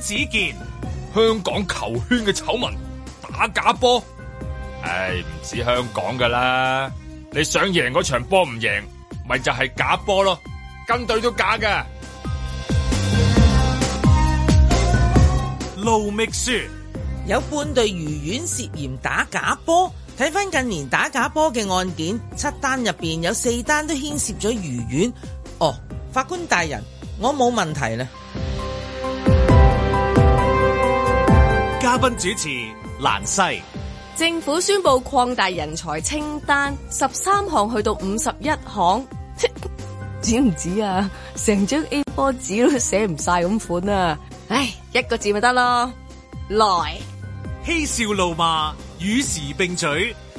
只見香港球圈嘅醜聞打假波，唉，唔止香港噶啦！你想贏嗰場波唔贏，咪就係假波咯，跟隊都假嘅。盧覓雪有半隊魚丸涉嫌打假波，睇返近年打假波嘅案件，七單入面有四單都牽涉咗魚丸。哦，法官大人，我冇問題啦。嘉賓主持蘭西，政府宣布擴大人才清單，十三項去到五十一項，止唔止啊？成張 A 波紙都寫唔晒咁款啊！唉，一個字咪得咯，來，嬉笑怒罵與時並舉。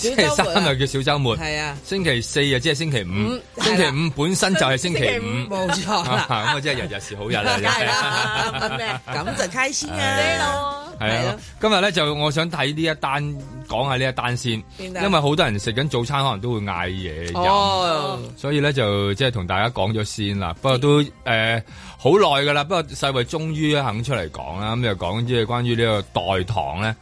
星期三就叫小周末，係啊。星期四就即係星期五，啊，星期五本身就係星期五，冇錯咁啊，即係日日是好日啦。咁，啊啊嗯啊嗯嗯，就開心啊！係，啊啊啊啊啊啊，今日咧就我想睇呢一單，講下呢一單先。啊，因為好多人食緊早餐，可能都會嗌嘢飲，哦，所以咧就即係同大家講咗先啦，哦。不過都誒好耐噶啦，不過世衛終於肯出嚟講啦，咁就講啲嘢關於呢個代糖咧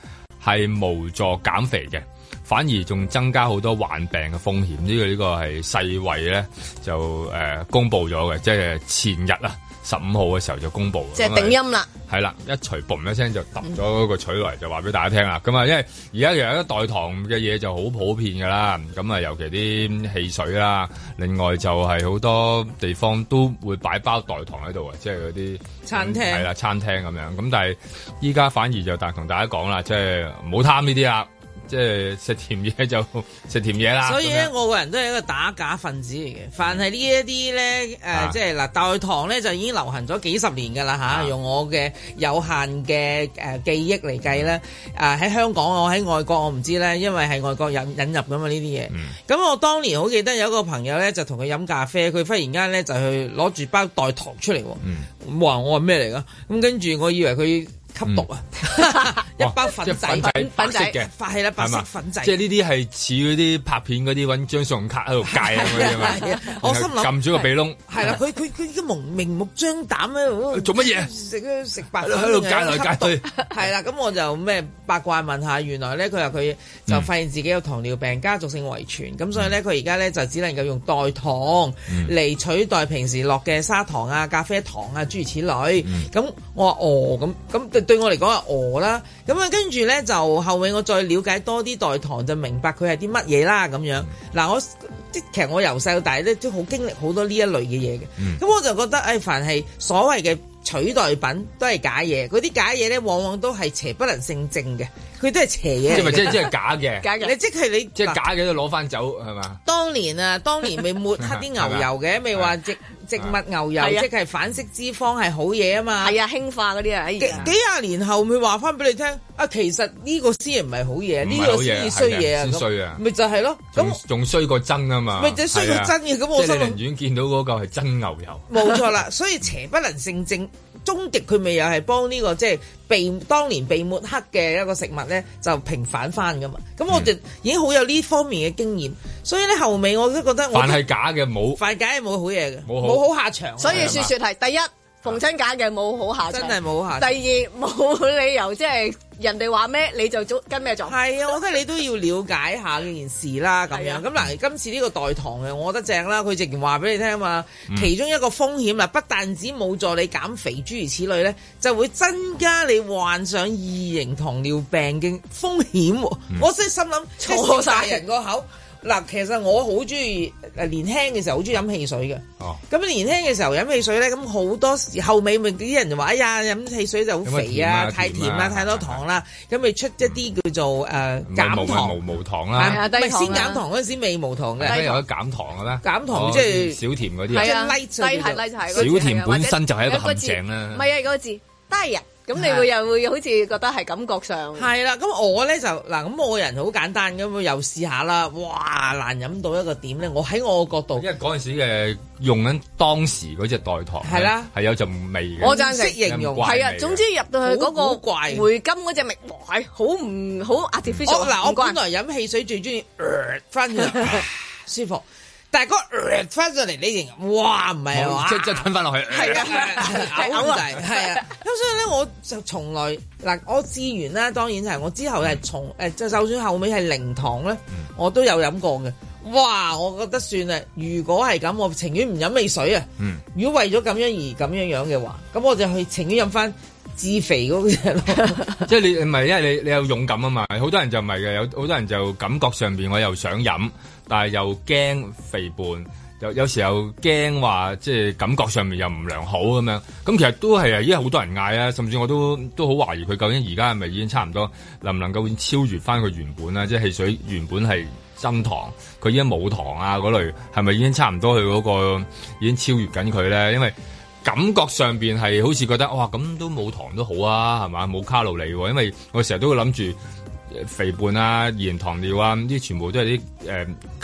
係無助減肥嘅。嗯反而仲增加好多患病嘅風險，呢、這個呢個係世衞咧就、呃、公佈咗嘅，即係前日啊十五號嘅時候就公佈，即、就、係、是、定音啦，係啦、就是嗯，一錘嘣一聲就揼咗個取嚟，就話俾大家聽啦。咁啊，因為而家又有啲代糖嘅嘢就好普遍㗎啦。咁啊，尤其啲汽水啦，另外就係好多地方都會擺包代糖喺度啊，即係嗰啲餐廳係啦、嗯、餐廳咁樣。咁但係依家反而就大同大家講啦，即係唔好貪呢啲啦。即係食甜嘢就食甜嘢啦，所以咧我個人都係一個打假分子嚟嘅、嗯。凡係呢一啲咧，誒、呃啊、即係嗱代糖咧就已經流行咗幾十年㗎啦吓，用我嘅有限嘅誒、呃、記憶嚟計咧、嗯，啊喺香港我喺外國我唔知咧，因為係外國引引入㗎嘛呢啲嘢。咁、嗯、我當年好記得有一個朋友咧就同佢飲咖啡，佢忽然間咧就去攞住包代糖出嚟，喎、嗯。話我係咩嚟㗎？咁跟住我以為佢。吸毒啊！一包粉仔，粉色嘅，發起啦白色粉仔。即係呢啲係似嗰啲拍片嗰啲，搵張信用卡喺度戒啊！我心諗，撳住個鼻窿。係啦，佢佢佢已經蒙明目張膽喺度做乜嘢？食食白粉喺度戒來戒去。係啦，咁我就咩八卦問下，原來咧佢話佢就發現自己有糖尿病，家族性遺傳，咁所以咧佢而家咧就只能夠用代糖嚟取代平時落嘅砂糖啊、咖啡糖啊諸如此類。咁我話哦，咁咁。對我嚟講係餓啦，咁啊跟住呢，就後尾我再了解多啲代糖，就明白佢係啲乜嘢啦咁樣。嗱，我即其實我由細到大呢，都好經歷好多呢一類嘅嘢嘅，咁、嗯、我就覺得誒，凡係所謂嘅取代品都係假嘢，嗰啲假嘢呢，往往都係邪不能勝正嘅。佢都係邪嘢，即係即係即係假嘅。 假嘅，你即係你即係假嘅都攞翻走係嘛？當年啊，當年未抹黑啲牛油嘅，未 話、啊、植、啊、植物牛油即係反式脂肪係好嘢啊嘛。係啊，氫化嗰啲啊，幾廿年後咪話翻俾你聽啊，其實呢個先係唔係好嘢，呢、呢個先係衰嘢啊，咪就係咯，咁仲衰過真啊嘛。咪就衰過真嘅，咁我心即係、就係、你寧願見到嗰嚿係真牛油。冇錯啦，所以邪不能勝正。 終極佢咪又係幫呢個即係被當年被抹黑嘅一個食物咧，就平反翻噶嘛。咁我哋已經好有呢方面嘅經驗，所以咧後尾我都覺得凡係假嘅冇，反，假嘅冇好嘢嘅，冇好冇好下場。所以説説係第一，逢親假嘅冇好下場，真係冇下場。第二冇理由即係，就是人哋話咩你就做跟咩做，係啊！我覺得你都要了解下呢件事啦，咁樣咁嗱、啊，今次呢個代糖嘅，我覺得正啦。佢直情話俾你聽啊嘛，其中一個風險啦，不但止冇助你減肥，諸如此類咧，就會增加你患上二型糖尿病嘅風險。嗯、我真係心諗錯晒、就是、人個口。嗱，其實我好中意年輕嘅時候好中意飲汽水嘅。哦，咁年輕嘅時候飲汽水咧，咁好多時後尾咪啲人就話：哎呀，飲汽水就好肥啊，太甜啊，甜啊太多糖啦。咁、嗯、咪出一啲叫做誒、呃、減糖，糖啦，唔、啊、係先減糖嗰陣時未無糖嘅，糖有得減糖嘅啦減糖即、oh, 係小甜嗰啲啊，小甜本身就係一個陷阱啦。唔係啊，嗰個字，個字，個字低啊。咁你會又會好似覺得係感覺上係啦、啊，咁我咧就嗱，咁我人好簡單咁，又試下啦，哇，難飲到一個點咧，我喺我角度，因為嗰陣時嘅用緊當時嗰隻代糖，係啦、啊，係有陣味嘅，我真係識形容，係啊，總之入到去嗰個梅金怪回甘嗰隻味，係好唔好壓住非常，嗱，我本來飲汽水最中意翻舒服。呃 大哥翻上嚟呢型，哇唔係啊，即即吞翻落去，係啊，嘔就係，係啊，咁、呃呃呃呃呃、所以咧我就從來嗱、呃、我試完啦，當然係我之後係從誒，就、嗯呃、就算後尾係零糖咧、嗯，我都有飲過嘅。哇，我覺得算啦，如果係咁，我情願唔飲味水啊、嗯。如果為咗咁樣而咁樣樣嘅話，咁我就去情願飲翻自肥嗰隻。即係你唔係，因為你你有勇敢啊嘛，好多人就唔係嘅，有好多人就感覺上邊我又想飲。但係又驚肥胖，有有時候驚話即係感覺上面又唔良好咁樣。咁其實都係啊，依家好多人嗌啊，甚至我都都好懷疑佢究竟而家係咪已經差唔多能唔能夠超越翻佢原本啊？即係汽水原本係增糖，佢依家冇糖啊嗰類，係咪已經差唔多佢嗰個已經超越緊佢咧？因為感覺上面係好似覺得哇，咁都冇糖都好啊，係嘛？冇卡路里喎啊，因為我成日都會諗住。肥胖啊，二型糖尿啊，呢啲全部都係啲誒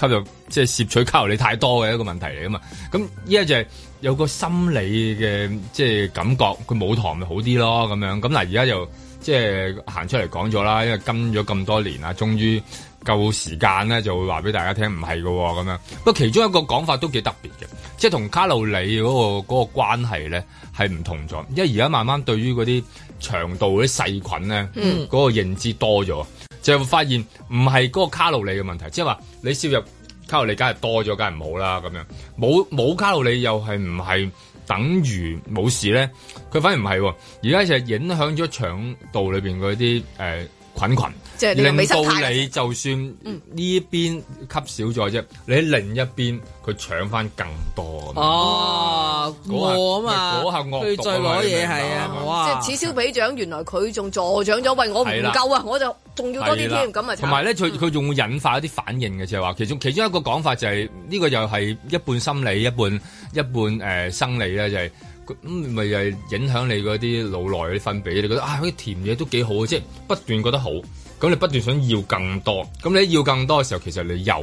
吸入，即係攝取卡路里太多嘅一個問題嚟㗎嘛。咁依家就係有個心理嘅即係感覺，佢冇糖咪好啲咯咁樣。咁嗱而家就即係行出嚟講咗啦，因為跟咗咁多年啦終於夠時間咧就會話俾大家聽，唔係㗎咁樣。不過其中一個講法都幾特別嘅，即係同卡路里嗰個嗰個關係咧係唔同咗。因為而家慢慢對於嗰啲。腸道嗰啲細菌咧，嗰、嗰個認知多咗、嗯，就會發現唔係嗰個卡路里嘅問題，即係話你攝入卡路里，梗係多咗，梗係唔好啦咁樣。冇冇卡路里又係唔係等於冇事咧？佢反而唔係，而家就係影響咗腸道裏面嗰啲誒。呃菌群，群令到你就算呢邊吸少咗啫、嗯，你喺另一邊佢搶翻更多。哦，攞啊嘛，佢再攞嘢係啊，即、啊啊就係、此消彼長。原來佢仲助長咗，喂，我唔夠啊，我就仲要多啲添。咁啊。同埋咧，佢佢仲會引發一啲反應嘅，就係話其中其中一個講法就係、係、呢、呢個又係一半心理一半一半、呃、生理咧、就係，就係。咁咪又係影響你嗰啲腦內啲分泌，你覺得啊，啲甜嘢都幾好，即係不斷覺得好，咁你不斷想要更多，咁你要更多嘅時候，其實你又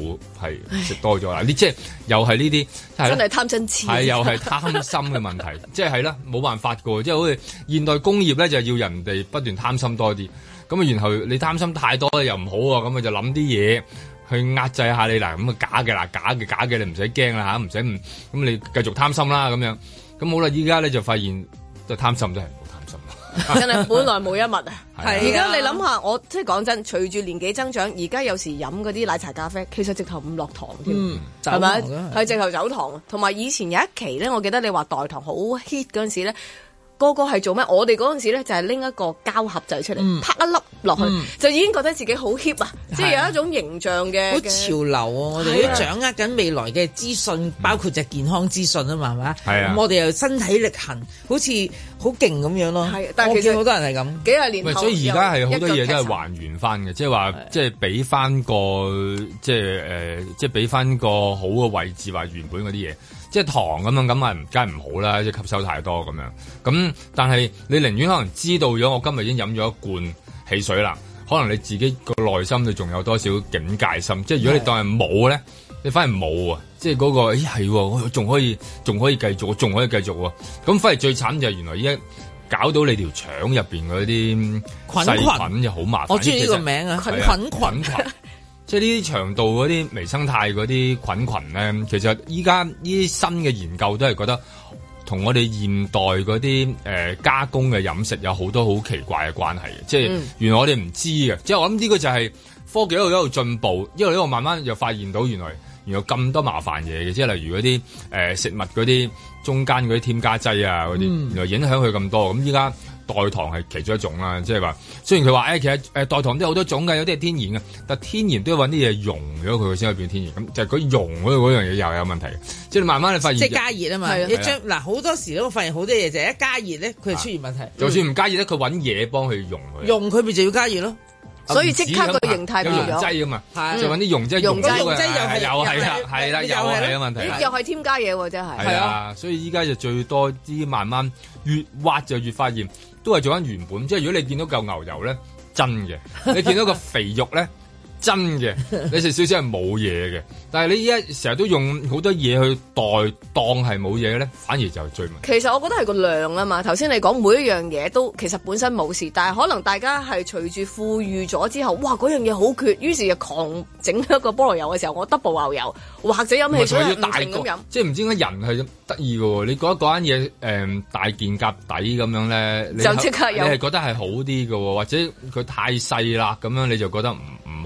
係食多咗啦，你即係又係呢啲，真係貪心錢，又係貪心嘅問題， 即係係啦，冇辦法噶，即係好似現代工業咧，就係要人哋不斷貪心多啲，咁啊，然後你貪心太多又唔好啊，咁啊就諗啲嘢去壓制下你嗱，咁啊假嘅啦，假嘅，假嘅，你唔使驚啦吓，唔使唔，咁你繼續貪心啦，咁樣。咁好啦，依家咧就發現就貪心真係唔好，貪心真係本來冇一物啊！而家你諗下，我即係講真，隨住年紀增長，而家有時飲嗰啲奶茶咖啡，其實直頭唔落糖添，係、嗯、咪？係直頭走糖，同埋以前有一期咧，我記得你話代糖好 hit 嗰陣時咧。個個係做咩？我哋嗰陣時咧就係拎一個膠盒仔出嚟、嗯，啪一粒落去、嗯，就已經覺得自己好 hip 啊，啊！即係有一種形象嘅。好潮流啊。啊我哋都掌握緊未來嘅資訊，啊、包括就健康資訊啊嘛，係咪？啊！咁、啊、我哋又身體力行，好似好勁咁樣咯、啊。但係其實好多人係咁幾十年。所以而家係好多嘢都係還原翻嘅、啊，即係話即係俾翻個即係誒，即係俾翻個好嘅位置，話原本嗰啲嘢。即係糖咁樣咁啊，梗係唔好啦！即係吸收太多咁樣。咁但係你寧願可能知道咗，我今日已經飲咗一罐汽水啦。可能你自己個內心你仲有多少警戒心？即係如果你當係冇咧，你反而冇啊！即係嗰、嗰個咦係喎，仲、哎、可以仲可以繼續，仲可以繼續喎。咁反而最慘就係原來依家搞到你條腸入面嗰啲細菌就好麻，麻煩。我中意呢個名啊！菌菌，菌，菌即係呢啲腸道嗰啲微生態嗰啲菌群咧，其實依家呢啲新嘅研究都係覺得，同我哋現代嗰啲、呃、加工嘅飲食有好多好奇怪嘅關係嘅。即係原來我哋唔知嘅。嗯、即係我諗呢個就係科技一路一路進步，一路一路慢慢又發現到原來原來咁多麻煩嘢嘅。即係例如嗰啲、呃、食物嗰啲中間嗰啲添加劑啊嗰啲，原來影響佢咁多。咁依家。代糖係其中一種啦，即係話，雖然佢話，誒、哎，其實誒，代糖都有好多種嘅，有啲係天然嘅，但天然都要揾啲嘢溶咗佢，佢先可以變天然。咁、嗯、就佢、係、溶嗰度嗰樣嘢又有問題，即係你慢慢你發現，即係加熱嘛係啊嘛，你將嗱好多時都發現好多嘢就係一加熱咧，佢就出現問題。啊、就算唔加熱咧，佢揾嘢幫佢溶佢，溶佢咪就要加熱咯，所以即刻個形態變咗。劑咁啊，就揾啲溶劑溶劑又係又係啦，係啦，又係問題，又係添加嘢喎，真係。係啊，所以依家、啊啊、就最多啲，慢慢越挖就越發現。都係做返原本，即係如果你見到嚿牛油咧，真嘅，你見到個肥肉咧。真嘅，你食少少係冇嘢嘅，但係你依家成日都用好多嘢去代當係冇嘢咧，反而就係最唔。其實我覺得係個量啊嘛。頭先你講每一樣嘢都其實本身冇事，但係可能大家係隨住富裕咗之後，哇嗰樣嘢好缺，於是就狂整一個菠蘿油嘅時候，我 double 牛油，或者飲起出大咁飲即係唔知點解人係得意嘅。你覺得嗰間嘢誒大件夾底咁樣咧，就即刻有。你係覺得係好啲嘅，或者佢太細啦咁樣，你就覺得唔。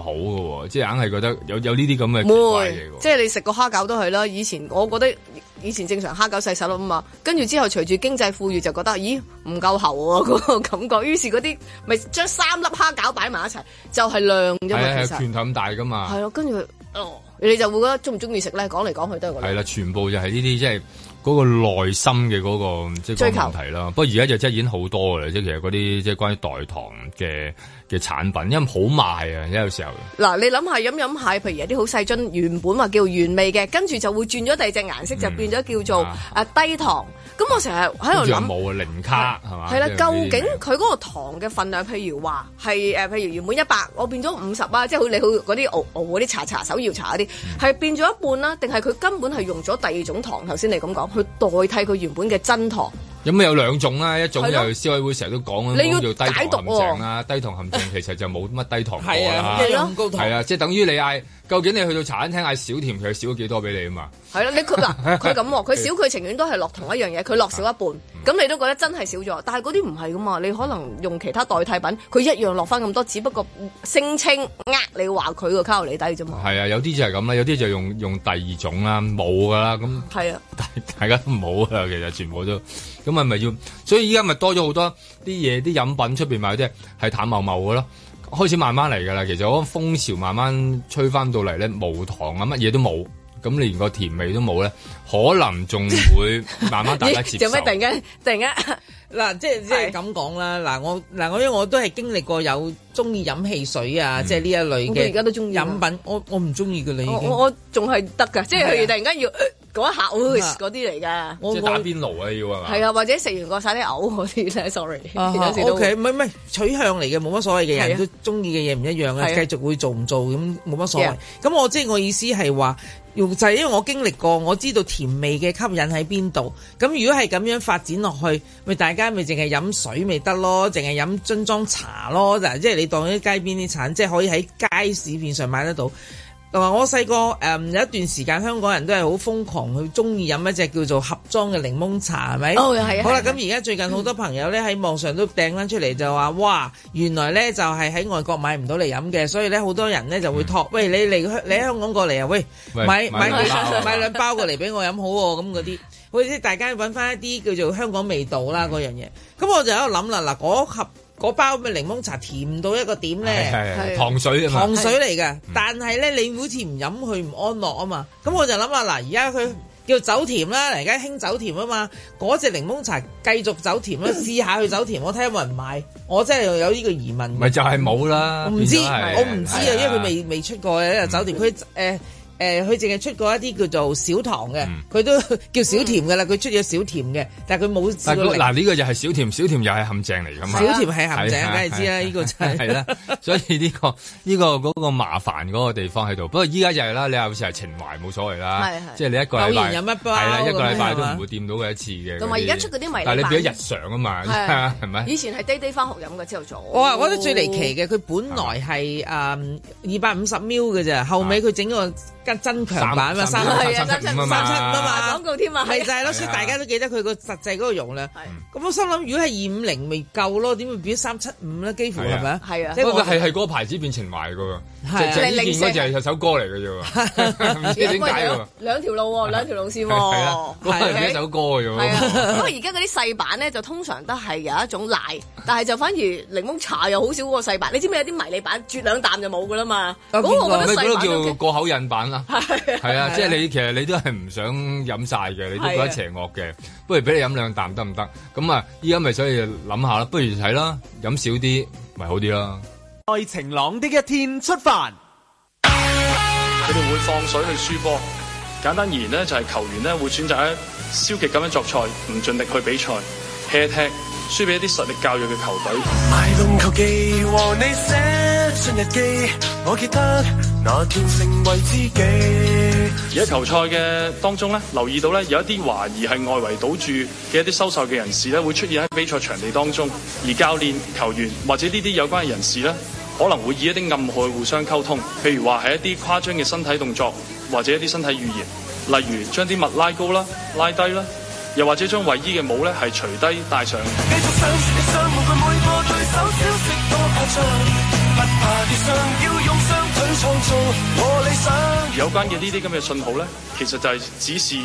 好㗎喎，即係硬係覺得有有呢啲咁嘅奇怪嘢喎。即係你食個蝦餃都係啦。以前我覺得以前正常蝦餃細細粒啊嘛。跟住之後隨住經濟富裕，就覺得咦唔夠喉啊嗰、嗰個感覺。於是嗰啲咪將三粒蝦餃擺埋一齊，就係量咗嘛。其實拳頭咁大噶嘛。係咯，跟住佢、呃，你就會覺得中唔中意食咧？講嚟講去都係嗰係啦，全部就係呢啲即係嗰個內心嘅嗰、嗰個即係、個問題啦。不過而家就真係演好多嘅啦，即其實嗰啲即關於代糖嘅。產品因為好賣啊，有時候。嗱，你諗下飲飲下，譬如有啲好細樽，原本話叫原味嘅，跟住就會轉咗第二隻顏色，就變咗叫做誒低糖。咁我成日喺度諗冇啊零卡係嘛？係啦，究竟佢嗰個糖嘅份量，譬如話係誒，譬如原本一百，我變咗五十啊，即係好你好嗰啲熬熬嗰啲茶茶、手搖茶嗰啲，係變咗一半啦，定係佢根本係用咗第二種糖？頭先你咁講，去代替佢原本嘅真糖。咁有兩種啦，一種就消委會成日都講，你要叫低糖陷阱啦、啊，低糖陷阱其實就冇乜低糖㗎啦，咁高糖，啊，即、就係、等於你嗌。究竟你去到茶餐廳嗌少甜，佢少咗幾多俾你啊？嘛係啦，你佢嗱佢咁，佢少佢情願都係落同一樣嘢，佢落少一半，咁 你都覺得真係少咗。但係嗰啲唔係噶嘛，你可能用其他代替品，佢一樣落翻咁多，只不過聲稱呃你話佢個卡路里低啫嘛。係啊，有啲就係咁啦，有啲就用用第二種啦，冇噶啦，咁係啊，大大家都冇啊，其實全部都咁係咪要？所以依家咪多咗好多啲嘢，啲飲品出邊賣啲係淡茂茂噶咯。開始慢慢嚟噶啦，其實嗰個風潮慢慢吹翻到嚟咧，無糖啊，乜嘢都冇，咁連個甜味都冇咧，可能仲會慢慢大家接受。做 咩、欸、突然間突然間？嗱， 即係即係咁講啦。嗱，我嗱我因為我都係經歷過有中意飲汽水啊，嗯、即係呢一類嘅。而家都中意飲品，我我唔中意嘅你。我我仲係得噶，即係佢突然間要。嗰一下嗰啲嚟噶，即係打邊爐啊要係嘛？係啊，或者食完過晒啲嘔嗰啲咧，sorry、uh -huh。O K，唔係唔係取向嚟嘅，冇乜所謂嘅，人、啊、都中意嘅嘢唔一樣啊。繼續會做唔做咁冇乜所謂。咁、啊、我即係、就是、我意思係話，就係、是、因為我經歷過，我知道甜味嘅吸引喺邊度。咁如果係咁樣發展落去，咪大家咪淨係飲水咪得咯，淨係飲樽裝茶咯，就即、是、係你當啲街邊啲產，即、就、係、是、可以喺街市面上買得到。同埋我細個誒有一段時間，香港人都係好瘋狂去中意飲一隻叫做盒裝嘅檸檬茶，係咪？哦，係啊，好啦，咁而家最近好多朋友咧喺、嗯、網上都掟翻出嚟，就話哇，原來咧就係、是、喺外國買唔到嚟飲嘅，所以咧好多人咧就會託：嗯「喂你嚟香你喺香港過嚟啊，喂買買買兩包過嚟俾我飲好喎、哦，咁嗰啲，喂 即大家揾翻一啲叫做香港味道啦嗰、嗯、樣嘢。咁我就喺度諗啦，嗱、那、嗰、個、盒。嗰包咁嘅檸檬茶甜到一個點咧，糖水啊嘛，糖水嚟㗎。但係咧，嗯、你每次唔飲佢唔安樂啊嘛。咁我就諗下嗱，而家佢叫走甜啦，而家興走甜啊嘛。嗰、那、隻、個、檸檬茶繼續走甜啦，嗯、試下去走甜，我睇有冇人買。我真係有呢個疑問。咪就係冇啦，我唔知，我唔知啊，因為佢未未出過一日走甜，佢、嗯、誒。呃誒、呃，佢淨係出過一啲叫做小糖嘅，佢、嗯、都叫小甜嘅啦。佢、嗯、出咗小甜嘅，但係佢冇。嗱、啊，呢、呢個就係小甜，小甜又係陷阱嚟嘅嘛。小甜係陷阱，梗係、啊、知啦、啊。呢、啊呢個真係係啦。所以呢、呢個呢、呢個嗰、嗰個麻煩嗰個地方喺度。不過依家就係、是、啦，你有時係情懷冇所謂啦。是是即係你一個禮拜係啦、啊，一個禮拜都唔會掂到佢一次嘅。同埋而家出嗰啲迷你但係你變咗日常啊嘛，係咪、啊？以前係低低返學飲嘅，朝頭早。我話我覺得最離奇嘅，佢本來係誒二百五十 ml 嘅啫，後尾佢整個。跟增強版嘛，三七五啊嘛，廣告添啊，係就係咯，所以大家都記得佢個實際嗰個容量。咁我心諗，如果係二五零未夠咯，點會變三七五咧？幾乎係咪啊？係啊，不過係係嗰個牌子變情懷噶喎，即係依件嗰就係首歌嚟嘅啫喎，唔知點解喎。兩條路喎，兩條路線喎，係啦，嗰就一首歌嘅啫喎。不過而家嗰啲細版咧，就通常都係有一種奶，但係就反而檸檬茶又好少嗰個細版。你知唔知有啲迷你版啜兩啖就冇噶啦嘛？嗰個我覺得細版都叫過口癮版。係啊，啊，啊，啊，啊，即係你其實你都係唔想飲晒嘅，你都是覺得邪惡嘅，啊，不如俾你飲兩啖得唔得？咁啊，依家咪所以諗下啦，不如睇啦，飲少啲咪好啲啦。在晴朗的一天出發，佢哋會放水去輸波。簡單而言呢，就係球員呢會選擇喺消極咁樣作賽，唔盡力去比賽 h e 踢輸畀一啲實力教弱嘅球隊。賣弄球技和你寫信日記，我記得。那天成為自己而喺球賽嘅當中咧，留意到咧有一啲懷疑係外圍賭注嘅一啲收受嘅人士咧，會出現喺比賽場地當中，而教練、球員或者呢啲有關嘅人士咧，可能會以一啲暗號互相溝通，譬如話係一啲誇張嘅身體動作，或者一啲身體語言，例如將啲襪拉高啦，拉低啦，又或者將衛衣嘅帽咧係除低戴上。繼續上，繼續上去創造我理想有關嘅呢啲咁嘅信號咧，其實就係指示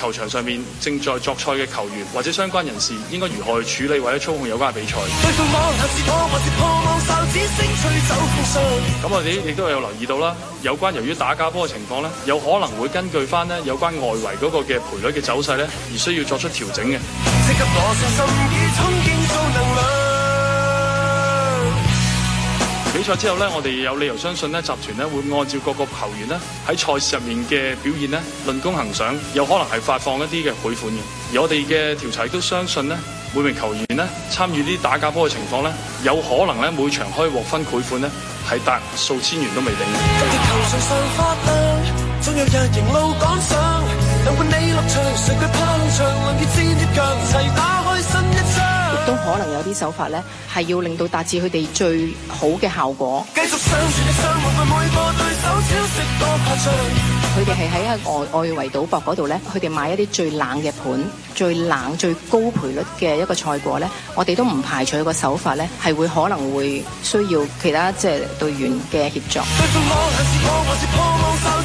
球場上面正在作賽嘅球員或者相關人士應該如何去處理或者操控有關嘅比賽。咁我哋亦都有留意到啦，有關由於打假波嘅情況咧，有可能會根據翻呢有關外圍嗰個嘅賠率嘅走勢咧，而需要作出調整嘅。比賽之後咧，我哋有理由相信咧，集團咧會按照各個球員咧喺賽事入面嘅表現咧，論功行賞，有可能係發放一啲嘅賄款嘅。而我哋嘅調查亦都相信咧，每名球員咧參與啲打假波嘅情況咧，有可能咧每場可以獲分賄款咧，係達數千元都未定。嘅。球上上花，有日路趕伴你落場，攀腳齊打開新一。都可能有啲手法咧，係要令到達至佢哋最好嘅效果。佢哋係喺一個外外圍賭博嗰度咧，佢哋買一啲最冷嘅盤，最冷、最高賠率嘅一個賽果咧，我哋都唔排除個手法咧，係會可能會需要其他即係隊員嘅協助。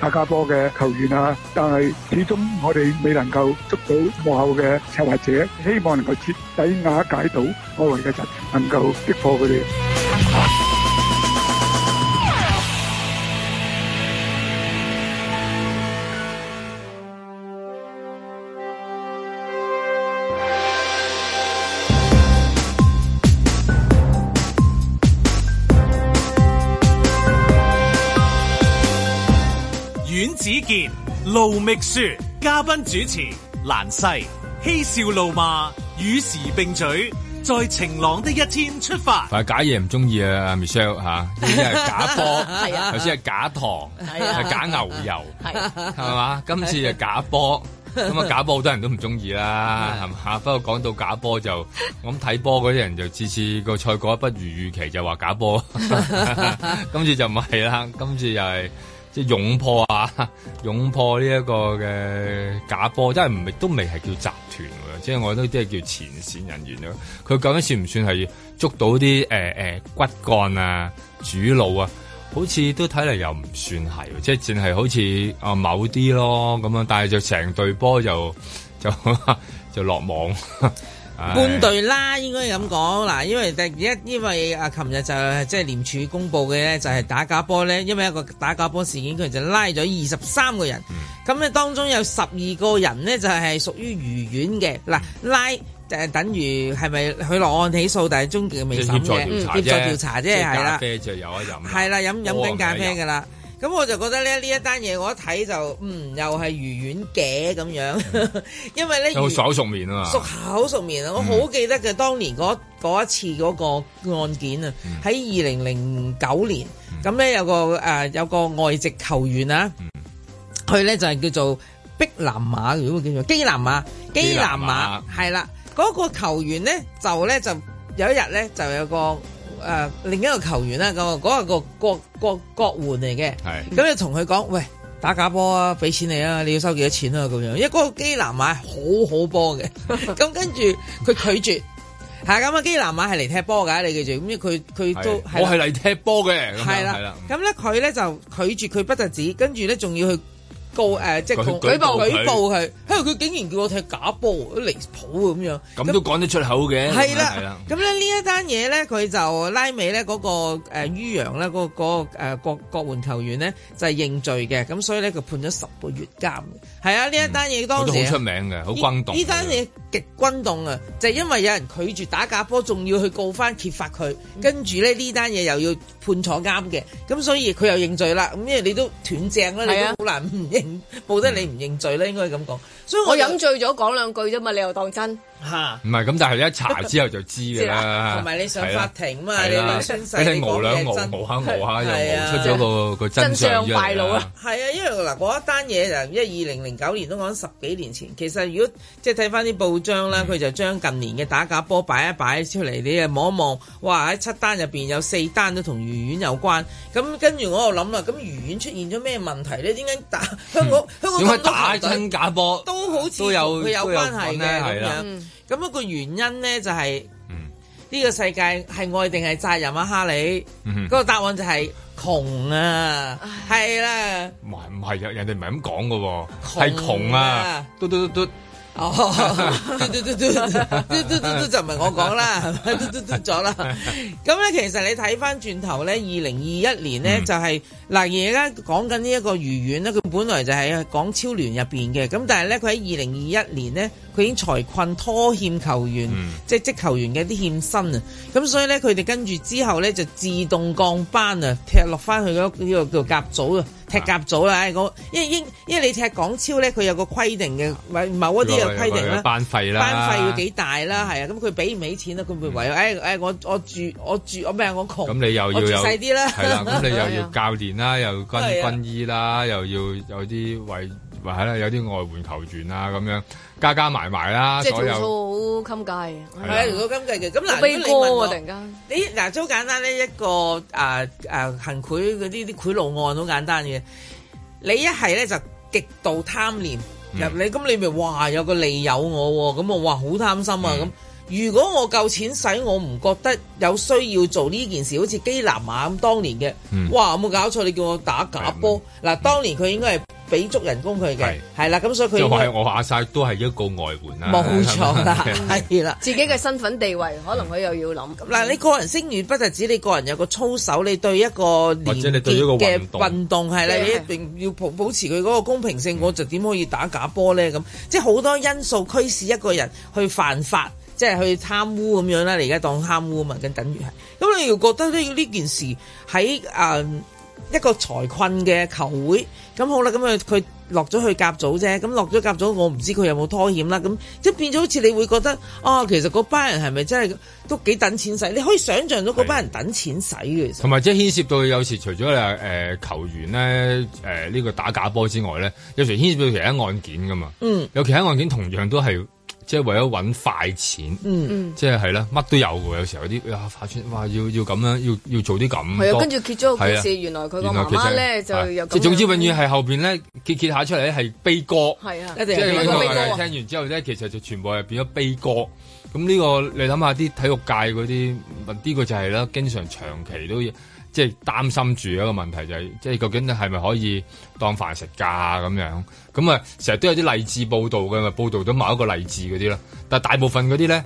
新加坡嘅球員啊，但係始終我哋未能夠捉到幕後嘅策劃者，希望能夠徹底瓦解到外圍嘅人，能夠擊破佢哋。見盧覓雪，嘉賓主持蘭西，嬉笑怒罵與時並舉，在晴朗的一天出發。係假嘢唔中意啊，Michelle 吓、啊，呢啲係假波，頭先係假糖，係 假牛油，係 嘛？今次又假波，咁 啊假波好多人都唔中意啦，係 嘛？不過講到假波就，咁睇波嗰啲人就次次個賽果一不如預期就話假波， 今次就唔係啦，今次又係。擁破啊，擁破呢一個嘅假波，真係唔都未係叫集團喎，即係我都啲係叫前線人員咯。佢究竟算唔算係捉到啲誒誒骨幹啊、主腦啊？好似都睇嚟又唔算係，即係淨係好似啊某啲咯咁樣，但係就成隊波就就就落網。半隊啦，應該咁講嗱，因為第一，因為阿琴日就即係、就是、廉署公佈嘅咧，就係、是、打假波咧，因為一個打假波事件，佢就拉咗二十三個人，咁、嗯、咧當中有十二個人呢，就係屬於愉園嘅嗱，拉就係等於係咪佢落案起訴，但係終結未審嘅？即、就、係、是、調查、嗯、調查啫，係、就是、啦。係啦，飲飲緊咖啡㗎啦。咁我就覺得咧，呢一單嘢我一睇就，嗯，又係如願嘅咁樣，嗯、 因為咧熟口熟面啊嘛，熟口熟面啊、嗯，我好記得嘅，當年嗰嗰一次嗰個案件啊，喺二零零九年，咁咧有個誒、嗯呃、有個外籍球員啊，佢、嗯、咧就係叫做碧藍馬，如果叫做基藍馬，基藍馬，係啦，嗰、那個球員咧就咧就有一日咧就有個。誒、呃，另一個球員咧咁啊，嗰、那個個國國國援嚟嘅，咁你同佢講，喂，打假波啊，俾錢你啊，你要收幾多錢啊，咁樣，因為個基南馬好好波嘅，咁 跟住佢拒絕，係咁啊，基南馬係嚟踢波嘅，你記住，咁佢佢都，係係我係嚟踢波嘅，係啦，咁咧佢咧就拒絕，佢不單止，跟住咧仲要去。告誒，即係舉，舉報佢，因為佢竟然叫我踢假波，離譜咁樣。咁都講得出口嘅，係啦。咁呢一單嘢呢，佢就拉尾呢嗰個誒於洋呢，嗰個嗰國國援球員呢，就係、是、認罪嘅，咁所以呢，佢判咗十個月監。係啊，呢、嗯、一單嘢當時好出名嘅，好轟動。呢單嘢。極轟動啊！就係、因為有人拒絕打假波，仲要去告翻揭發佢，跟住咧呢單嘢又要判坐監嘅，咁所以佢又認罪啦。咁因為你都斷正啦，啊、你都好難唔認，報得你唔認罪咧，嗯、應該係咁講。所以我飲醉咗講兩句啫嘛，你又當真？吓，唔係咁，但係你一查之後就知嘅啦。同埋你上法庭嘛，你你講兩講，無下無下又出咗個真相，真相敗露啦、啊。係啊，因為嗱嗰一單嘢就因為二零零九年都講十幾年前，其實如果即係睇翻啲報章啦，佢、嗯、就將近年嘅打假波擺一擺出嚟，你又望一望，哇！喺七單入面有四單都同魚丸有關。咁跟住我又諗啦，咁魚丸出現咗咩問題咧？點解打香港香港打真假波都好似有有關咁一個原因咧就係、是、呢、嗯呢個世界係愛定係責任啊，哈、嗯、利。個答案就係、是、窮啊，係啦。唔係唔係，人哋唔係咁講㗎喎，係窮啊，嘟嘟嘟。啊嘟嘟嘟嘟哦，嘟嘟嘟嘟嘟嘟嘟嘟就唔係我講啦，嘟嘟嘟咗啦。咁咧其實你睇翻轉頭咧，二零二一年咧就係嗱而家講緊呢一個愉園咧，佢本來就係港超聯入邊嘅，咁但係咧佢喺二零二一年呢，佢已經財困拖欠球員，即、嗯、係、職球員嘅啲欠薪啊，咁所以咧佢哋跟住之後咧就自動降班啊，踢落翻去嗰叫做甲組啊。踢甲組啦，因為因為你踢港超咧，佢有個規定嘅，唔某一啲嘅規定啦。班費啦，班費要幾大啦，係、嗯、啊，咁佢俾唔俾錢啊？佢會為誒誒，我我住我住，我咩咁我，我窮，你又要有住細啲啦。啦、啊，咁你又要教練啦， 又要軍衣、啊、啦，又要有啲位，係啦，有啲外援球員啊，咁樣加加埋埋啦，即係好襟計，係如果襟計嘅咁，嗱咁你問我突然間，你嗱即好簡單呢，一個誒誒、啊啊、行賄嗰啲啲賄賂案好簡單嘅，你一係咧就極度貪念，入嚟咁你咪哇有個利有我，咁我哇好貪心啊咁、嗯，如果我夠錢使，我唔覺得有需要做呢件事，好似基南馬咁當年嘅、嗯，哇有冇搞錯？你叫我打假波，嗱、嗯、當年佢應該係。嗯俾足人工佢嘅係啦，咁所以佢就係我話曬都係一個外援啦。冇錯啦，係啦，自己嘅身份地位，可能佢又要諗。嗱，你個人聲譽不就指你個人有個操守？你對一個或者你對一個運動係啦，你一定要保保持佢嗰個公平性。我就點可以打假波咧？咁即係好多因素驅使一個人去犯法，即係去貪污咁樣啦。你而家當貪污啊嘛，咁等於係。咁你又覺得呢呢件事喺誒一個財困嘅球會？咁好啦，咁啊佢落咗去甲組啫，咁落咗甲組，我唔知佢有冇拖欠啦，咁即係變咗好似你會覺得，啊其實嗰班人係咪真係都幾等錢使？你可以想像到嗰班人等錢使嘅。同埋即係牽涉到有時除咗誒、呃、球員咧誒呢、呃呢個打假波之外咧，有時牽涉到其他案件噶嘛。嗯，有其他案件同樣都係。即係為咗揾快錢，嗯、即係係啦，乜都有喎。有時候有啲、哎、呀快錢，哇，要要咁樣，要要做啲咁多。係啊，跟住結咗個故事，其實原來佢個媽媽呢，就有。即係總之永遠係後面呢，揭揭下出嚟咧係悲歌，係啊，一定係悲歌。聽完之後呢，其實就全部係變咗悲歌。咁、嗯、呢、呢個你諗下啲體育界嗰啲，呢、呢個就係啦，經常長期都要。即係擔心住一個問題就係，即係究竟係咪可以當飯食㗎咁樣？咁啊，成日都有啲勵志報道嘅，報道到某一個勵志嗰啲啦。但係大部分嗰啲咧。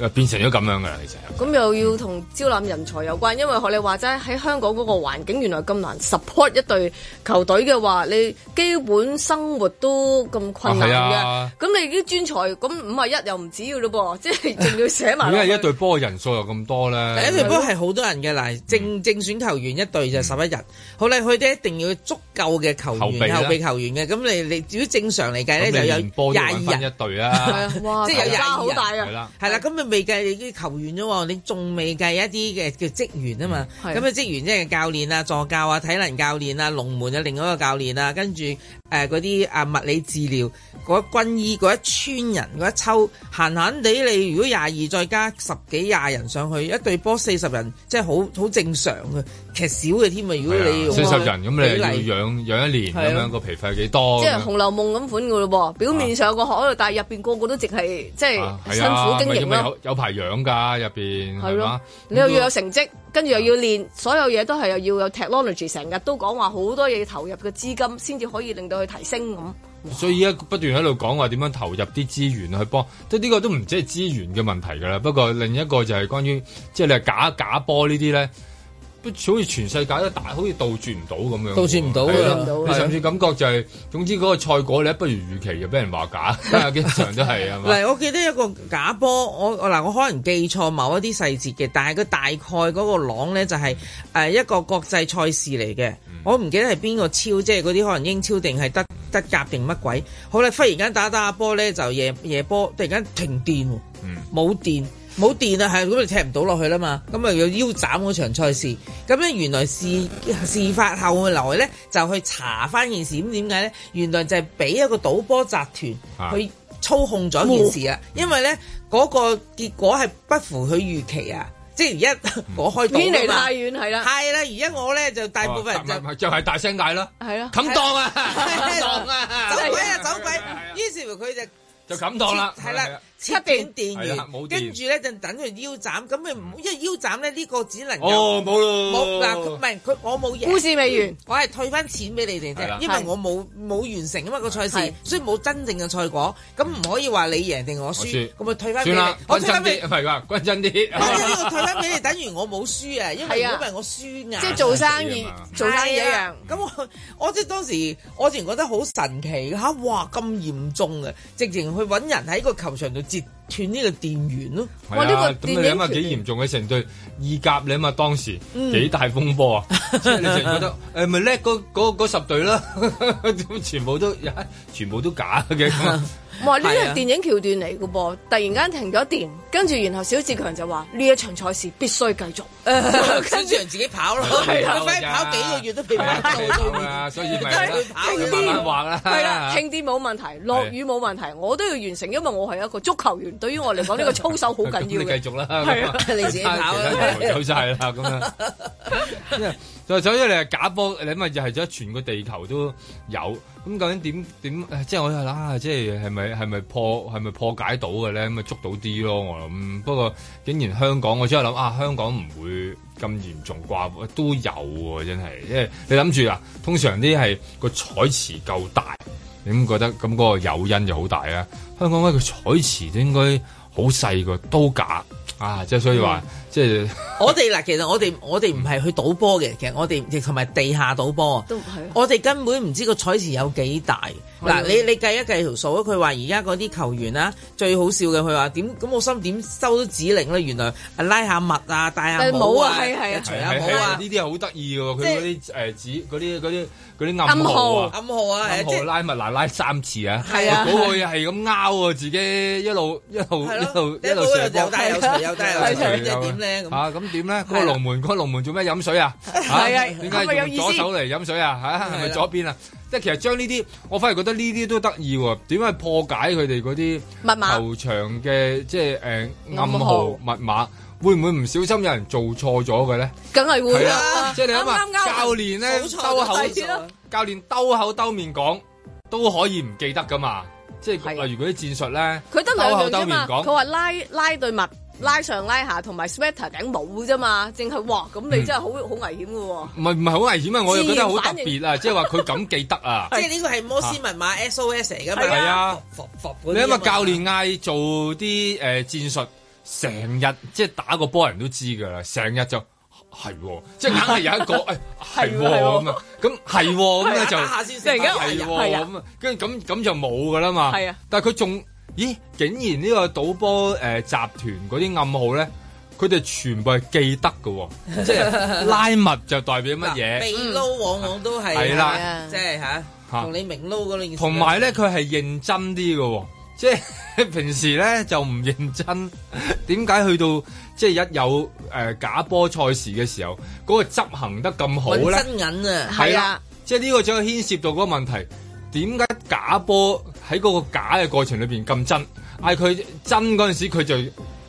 誒變成咗咁樣嘅啦，其實咁又要同招攬人才有關，因為學你話齋喺香港嗰個環境原來咁難 support 一隊球隊嘅話，你基本生活都咁困難嘅。咁你啲專才，咁五啊一又唔止要嘞噃，即係仲要寫埋。因為一隊波嘅人數又咁多咧，一隊波係好多人嘅嗱，正正選球員一隊就十一人。好啦，佢哋一定要足夠嘅球員後備球員嘅，咁你你至於正常嚟計咧，就有廿二人一隊啊，即係有廿人。係啦，係啦，咁你。未計你啲球員啫，你仲未計一啲嘅叫職員啊嘛，咁啊職員即係教練啊、助教啊、體能教練啊、龍門有另外一個教練啊，跟住。誒、呃，嗰啲啊物理治療，嗰軍醫，嗰一村人，嗰一抽閒閒地，你如果廿二再加十幾廿人上去，一隊波四十人，即係好好正常嘅，其實少嘅添啊。如果你、啊、40你要四十人咁，你又要養養一年咁、啊、樣個皮費幾多，多？即、就、係、是、紅樓夢咁款噶咯喎。表面上個海度，但係入邊個個都淨係即係辛苦經營有有排養噶入邊，係咯、啊，你又要有成績。嗯跟住又要練，所有嘢都係又要有 technology，成日都講話好多嘢要投入嘅資金先至可以令到佢提升咁。所以依家不斷喺度講話點樣投入啲資源去幫，即係呢個都唔只係資源嘅問題㗎啦。不過另一個就係關於即係你係假假波呢啲咧。好似全世界都大，好似倒轉唔到咁樣，倒轉唔到啊。你上次感覺就係、是，總之嗰個賽果咧不如預期，又俾人話假， 經常都係啊嘛。嗱 我記得一個假波，我我嗱，我可能記錯某一啲細節嘅，但係佢大概嗰個朗咧就係、是嗯呃、一個國際賽事嚟嘅，嗯、我唔記得係邊個超，即係嗰啲可能英超定係得德甲定乜鬼。好啦，忽然間打打下波咧，就夜夜波，突然間停電，冇、嗯、電。冇電啊，係嗰度踢唔到落去啦嘛，咁啊要腰斬嗰場賽事。咁樣原來事事發後來咧就去查翻件事，咁點解咧？原來就係俾一個賭波集團去操控咗件事啊！因為咧嗰、那個結果係不符佢預期啊，即係而家我開賭嘛。遠離太遠係啦，係啦，而家我咧就大部分人就、哦、就係、是、大聲嗌咯，係咯，咁當啊，咁當啊， 走鬼啊，走鬼！於是乎佢就就咁當啦，係啦。切斷電源，跟住咧就等佢腰斬，咁咪唔，因為腰斬咧呢、呢個只能夠、哦、有冇冇，嗱，佢唔係佢我冇贏。故事未完，我係退翻錢俾你哋啫，因為我冇冇完成啊嘛，那個賽事，所以冇真正嘅賽果，咁唔可以話你贏定我輸，咁咪退翻俾你。我退翻俾你，係咪，均真啲，均真我 退翻俾你，等於我冇輸啊，因為如果唔係我輸啊，即係、啊就是、做生意，做生意一樣。咁，啊、我我即係當時我自然覺得好神奇吓，哇咁嚴重啊，直情去揾人喺個球場度，截斷呢個電源咯，哇！呢個咁你諗下幾嚴重嘅，成隊二甲，你諗下當時幾、嗯、大風波啊？ 是你成日覺得誒咪叻嗰十隊啦，點 全部都全部都假嘅。 唔係呢個電影橋段嚟噶噃，突然間停咗電，跟住然後小志強就話呢、啊、一場賽事必須繼續。小志強自己跑咯，係咪、啊？ 跑幾個月都未跑到、啊， 所以咪傾啲，話啦，係啦，傾啲冇問題，落雨冇問題，我都要完成，因為我係一個足球員，啊、對於我嚟講呢個操守好緊要嘅。繼、啊、續啦，係、啊、你自己跑，佢晒係啦咁樣。 就走咗嚟假波，你咪就係咗全個地球都有。咁究竟點點？即係我諗、啊，即係係咪係咪破係咪破解到嘅咧？咁咪捉到啲咯。我諗。不過竟然香港，我真係諗啊，香港唔會咁嚴重啩？都有喎、啊，真係。因為你諗住啊，通常啲係個彩池夠大，你覺得咁嗰個誘因就好大啦。香港咧個彩池應該好細喎，都假啊！即係所以話。即 係我哋嗱，其實我哋我哋唔係去賭波嘅，其實我哋亦同埋地下賭波啊，都唔係。我哋根本唔知個彩池有幾大。嗱，你你計一計條數啊！佢話而家嗰啲球員啊，最好笑嘅佢話點咁我心點收到指令咧？原來拉下襪啊，帶下帽啊，除下帽啊，呢啲係好得意嘅喎！佢嗰啲誒指嗰啲嗰啲嗰啲暗號啊，暗號啊，拉襪嗱拉三次啊，嗰個又係咁拗喎，自己一路一路一路一路上。有戴有垂，有戴有垂，有。嚇咁點咧？嗰個龍門嗰個龍門做咩飲水啊？係啊，點解用左手嚟飲水啊？嚇係咪左邊啊？即係其實將呢啲，我反而覺得呢啲都得意喎。點解破解佢哋嗰啲球場嘅即係誒暗號密碼？會唔會唔小心有人做錯咗嘅咧？梗係會啦、啊。即係、啊就是、你諗下教練咧兜口教練兜，兜口兜面講，都可以唔記得噶嘛。即係例如嗰啲戰術咧，佢都兩樣啫嘛。佢話拉拉對密。拉上拉下同埋 sweater 頂帽啫嘛，淨係、嗯、哇咁你真係好好危險嘅喎。唔係唔係好危險 啊，啊，我又覺得好特別啊，即係話佢咁記得啊。即係呢個係摩斯密碼 SOS 嚟噶嘛。係啊，你諗下教練嗌做啲誒戰術，成日即係打個波人都知噶啦，成日就係即係硬係有一個誒係咁啊，咁係咁啊就突然間係咁啊，跟住咁咁就冇噶啦嘛。係啊，但係佢仲。咦，竟然呢個賭波誒集團嗰啲暗號咧，佢哋全部係記得喎，哦！ 即係拉密就代表乜嘢？秘，啊、撈往往都係係、啊、啦，即係吓同你明撈嗰兩件事呢。同埋咧，佢係認真啲嘅，哦，即係平時咧就唔認真。點解去到即係一有誒、呃、假波賽事嘅時候，嗰，那個執行得咁好咧？真銀啊，係 啦，啊、即係呢個仲有牽涉到嗰個問題，點解假波？喺嗰個假嘅過程裏邊咁真，嗌佢真嗰陣時佢就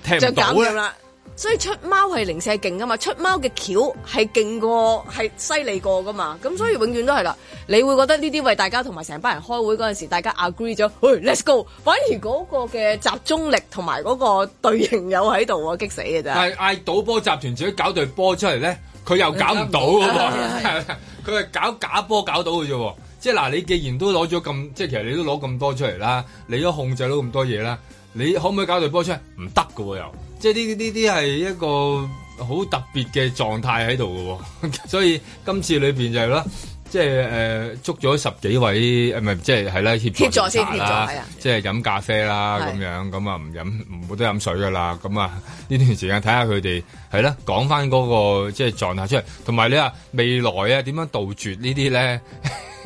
聽唔到啦。所以出貓係零舍勁噶嘛，出貓嘅橋係勁過係犀利過噶嘛。咁所以永遠都係啦，你會覺得呢啲為大家同埋成班人開會嗰陣時，大家 agree 咗，誒，hey，let's go。反而嗰個嘅集中力同埋嗰個隊形有喺度啊，激死嘅咋。係嗌賭波集團自己搞對波出嚟咧，佢又搞唔到嘅，佢係搞假波搞到嘅啫。即係嗱，你既然都攞咗咁，即係其實你都攞咁多出嚟啦，你都控制到咁多嘢啦，你可唔可以搞隊波出嚟？唔得㗎喎又，即係呢啲呢啲係一個好特別嘅狀態喺度嘅喎，所以今次裏面就係、是、啦，即係、呃、捉咗十幾位咪，即係係啦協助啦，即係飲、就是、咖啡啦咁樣，咁啊唔飲唔好得飲水㗎啦，咁啊呢段時間睇下佢哋係啦講翻嗰個即係狀態出嚟，同埋你話未來啊點樣杜絕呢啲咧？ 即係呢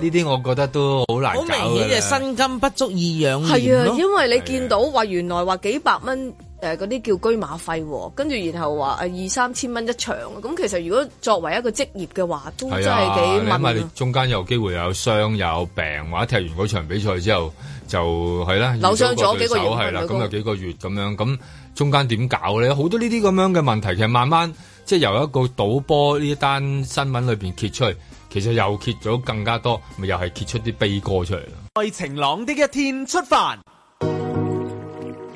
啲，這些我覺得都好難。好明顯嘅薪金不足以養。係啊，因為你見到話原來話幾百蚊誒，嗰啲叫車馬費，跟住然後話二三千蚊一場。咁其實如果作為一個職業嘅話的，都真係幾問啊。咁你，你中間有機會有傷有病，或者踢完嗰場比賽之後就係啦，扭傷咗幾個月，係啦，咁啊幾個月咁樣，咁中間點搞咧？好多呢啲咁樣嘅問題，其實慢慢即係由一個賭波呢單新聞裏邊揭出去。其實又揭咗更加多，咪又係揭出啲悲歌出嚟啦。在晴朗的一天出發。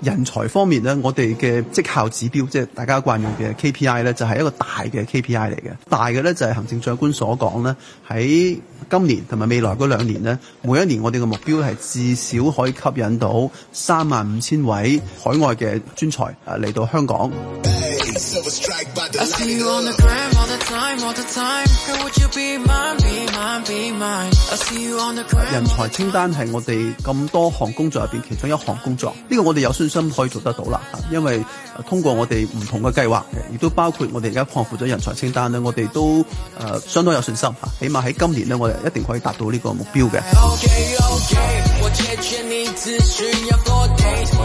人才方面咧，我哋嘅績效指標，即係大家慣用嘅 KPI 咧，就係、是、一個大嘅 KPI 嚟嘅。大嘅咧就係、是、行政長官所講咧，喺今年同埋未來嗰兩年呢，每一年我哋嘅目標係至少可以吸引到三萬五千位海外嘅專才啊嚟到香港。人才清單係我哋咁多項工作入邊其中一項工作，呢、這個我哋有信心可以做得到啦。因為通過我哋唔同嘅計劃，亦都包括我哋而家擴闊咗人才清單呢，我哋都誒、呃、相當有信心。起碼喺今年呢，我哋一定可以達到呢個目標嘅。Okay, okay. 我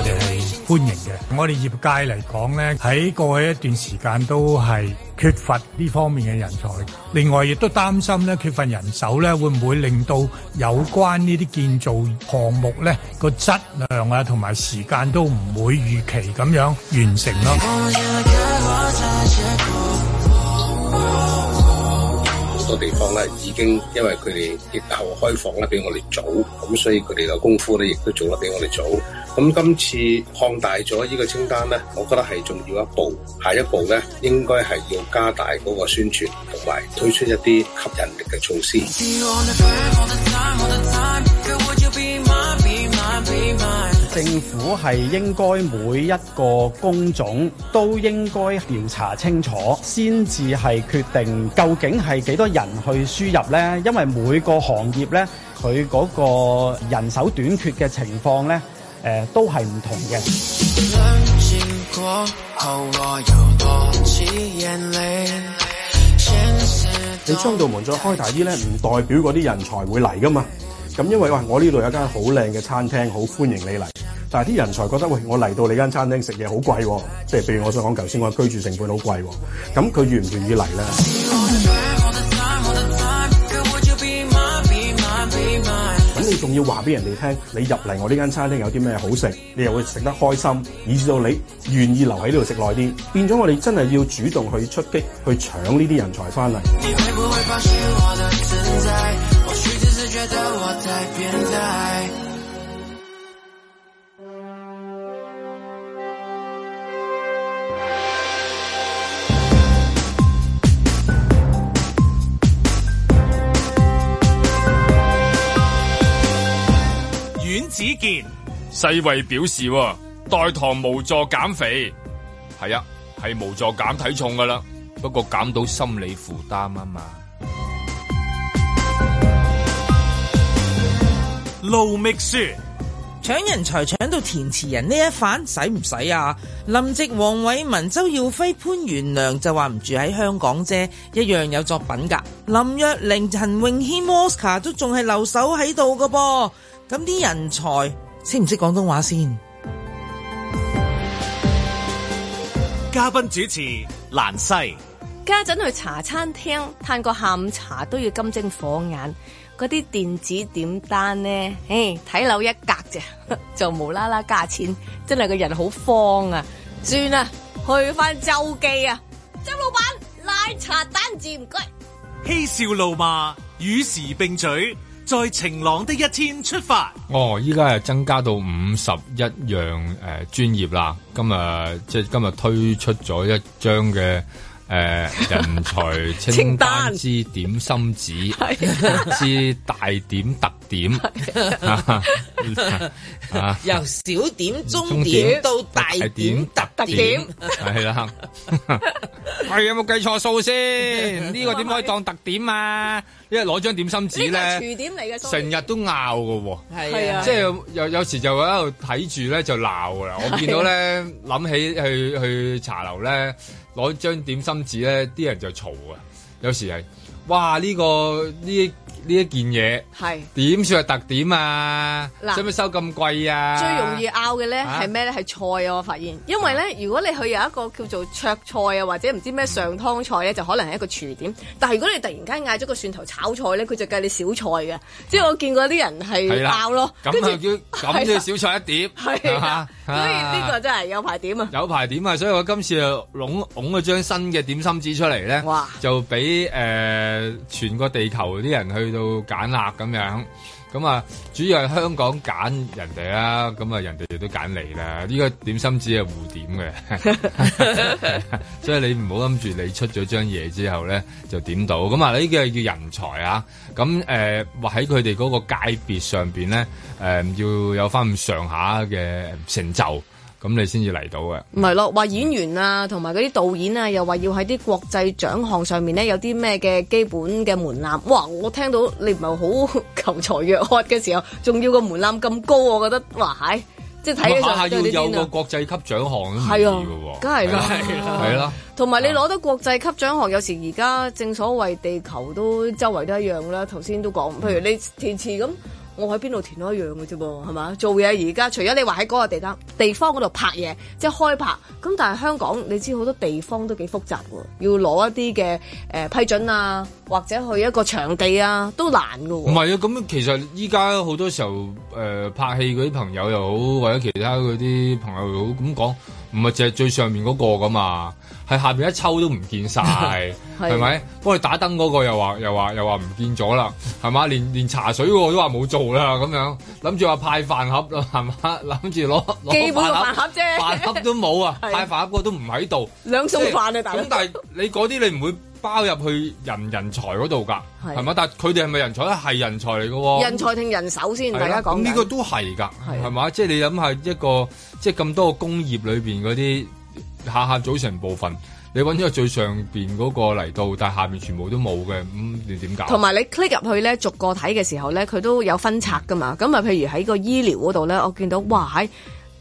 哋係歡迎嘅。我哋業界嚟講咧，喺過去一段時間都係缺乏呢方面嘅人才。另外，亦都擔心咧，缺乏人手咧，會唔會令到有關呢啲建造項目咧個質量啊，同埋時間都唔會預期咁樣完成咯。 多、那個、地方咧已經，因為佢哋疫後開放咧，比我哋早，咁所以佢哋嘅功夫咧，亦都做得比我哋早。咁今次擴大咗呢個清單咧，我覺得係重要一步。下一步咧，應該係要加大嗰個宣傳同埋推出一啲吸引力嘅措施。 政府係應該每一個工種都應該調查清楚，先至係決定究竟係幾多人去輸入呢。因為每個行業呢，佢嗰個人手短缺嘅情況呢，誒、呃，都係唔同嘅。你將度門再開大啲呢，唔代表嗰啲人才會嚟噶嘛。咁因為喂，我呢度有間好靚嘅餐廳，好歡迎你嚟。但係啲人才覺得喂，我嚟到你間餐廳食嘢好貴，即係譬如我想講頭先我居住成本好貴。咁佢願唔願意嚟咧？咁 你仲要話俾人哋聽，你入嚟我呢間餐廳有啲咩好食，你又會食得開心，以至到你願意留喺呢度食耐啲，變咗我哋真係要主動去出擊，去搶呢啲人才翻嚟。 子健，世衛表示代糖無助減肥，係啊，係無助減體重噶啦，不過減到心理負擔啊嘛。盧覓雪搶人才搶到填詞人呢一範使唔使啊？林夕、黃偉文、周耀輝、潘元良就話唔住喺香港啫，一樣有作品噶。林若寧、陳詠謙、奧斯卡都仲係留守喺度噶噃。咁啲人才識唔識廣東話先？嘉賓主持蘭西，家陣去茶餐廳嘆個下午茶都要金睛火眼，嗰啲電子點單呢，唉，睇漏一格啫，就無啦啦價錢，真係個人好慌啊！算啦，去返周記啊，周老闆奶茶單字唔該，嬉笑怒罵與時並嘴。在晴朗的一天出發。哦，依家係增加到五十一樣誒專業啦。今日即係今日推出咗一張嘅。誒、呃，人才清單之點心紙，之大點特點，由小點中點，中點到大點特點，係啦，喂、啊 哎，有冇計錯數先？呢 個點可以當特點啊？ 因為攞張點心紙咧，廚點嚟嘅，成 日都拗噶，係啊，即係有有，有時就喺度睇住咧就鬧噶啦。我見到咧諗起去去茶樓咧。攞張點心紙咧，啲人就嘈啊！有時係，哇呢、呢個呢～、呢個呢一件嘢係點算係特點啊？嗱，使唔使收咁貴啊？最容易拗嘅咧係咩咧？係菜啊，我發現，因為咧如果你去有一個叫做灼菜啊，或者唔知咩上湯菜咧，就可能係一個廚點。但係如果你突然間嗌咗個蒜頭炒菜咧，佢就計你小菜嘅。即係我見過啲人係拗咯，跟住叫咁叫小菜一碟，係啊，所以呢個真係有排點啊！有排點啊！所以我今次就攞咗張新嘅點心紙出嚟咧，就俾誒全個地球啲人去。要揀客咁樣，咁啊主要係香港揀人哋啦，咁啊人哋亦都揀你啦，呢個點心紙係互點嘅。 所以你唔好諗住你出咗張嘢之後咧就點到，咁啊呢個係叫人才啊，咁誒喺佢哋嗰個界別上邊咧誒要有翻咁上下嘅成就。咁你先至嚟到嘅，唔係咯？話演員啊，同埋嗰啲導演啊，又話要喺啲國際獎項上面咧，有啲咩嘅基本嘅門檻？哇！我聽到你唔係好求財若渴嘅時候，仲要個門檻咁高，我覺得哇，即係睇下下要有個國際級獎項啊，係啊，梗係係係啦，同埋你攞得國際級獎項，有時而家正所謂地球都周圍都一樣啦。頭先都講，譬如你填詞咁。嗯我喺邊度填都一樣嘅啫喎，係嘛？做嘢而家除咗你話喺嗰個地單地方嗰度拍嘢，即係開拍，咁但係香港你知好多地方都幾複雜喎，要攞一啲嘅誒批准啊，或者去一個場地啊，都難喎。唔係啊，咁其實依家好多時候誒、呃、拍戲嗰啲朋友又好，或者其他嗰啲朋友又好，咁講唔係淨係最上面嗰個噶嘛。係下邊一抽都唔見晒，係 咪？幫你打燈嗰個又話又話又話唔見咗啦，係嘛？連連茶水我都話冇做啦，咁樣諗住話派飯盒啦，係嘛？諗住攞，攞飯盒啫，飯盒， 盒都冇啊！派飯盒都都唔喺度，兩餸飯啊！咁、就是、但係 你嗰啲你唔會包入去人人才嗰度噶，係嘛？但係佢哋係咪人才？係人才嚟噶，人才聽人，人，人，人手先，大家講。咁呢個都係噶，係嘛？即係、就是、你諗下一個，即係咁多個工業裏邊嗰啲。下下組成部分，你揾咗個最上面嗰個嚟到，但係下面全部都冇嘅。咁、嗯、你點解？同埋你 click 入去咧，逐個睇嘅時候咧，佢都有分拆噶嘛。咁啊，譬如喺個醫療嗰度咧，我見到哇喺。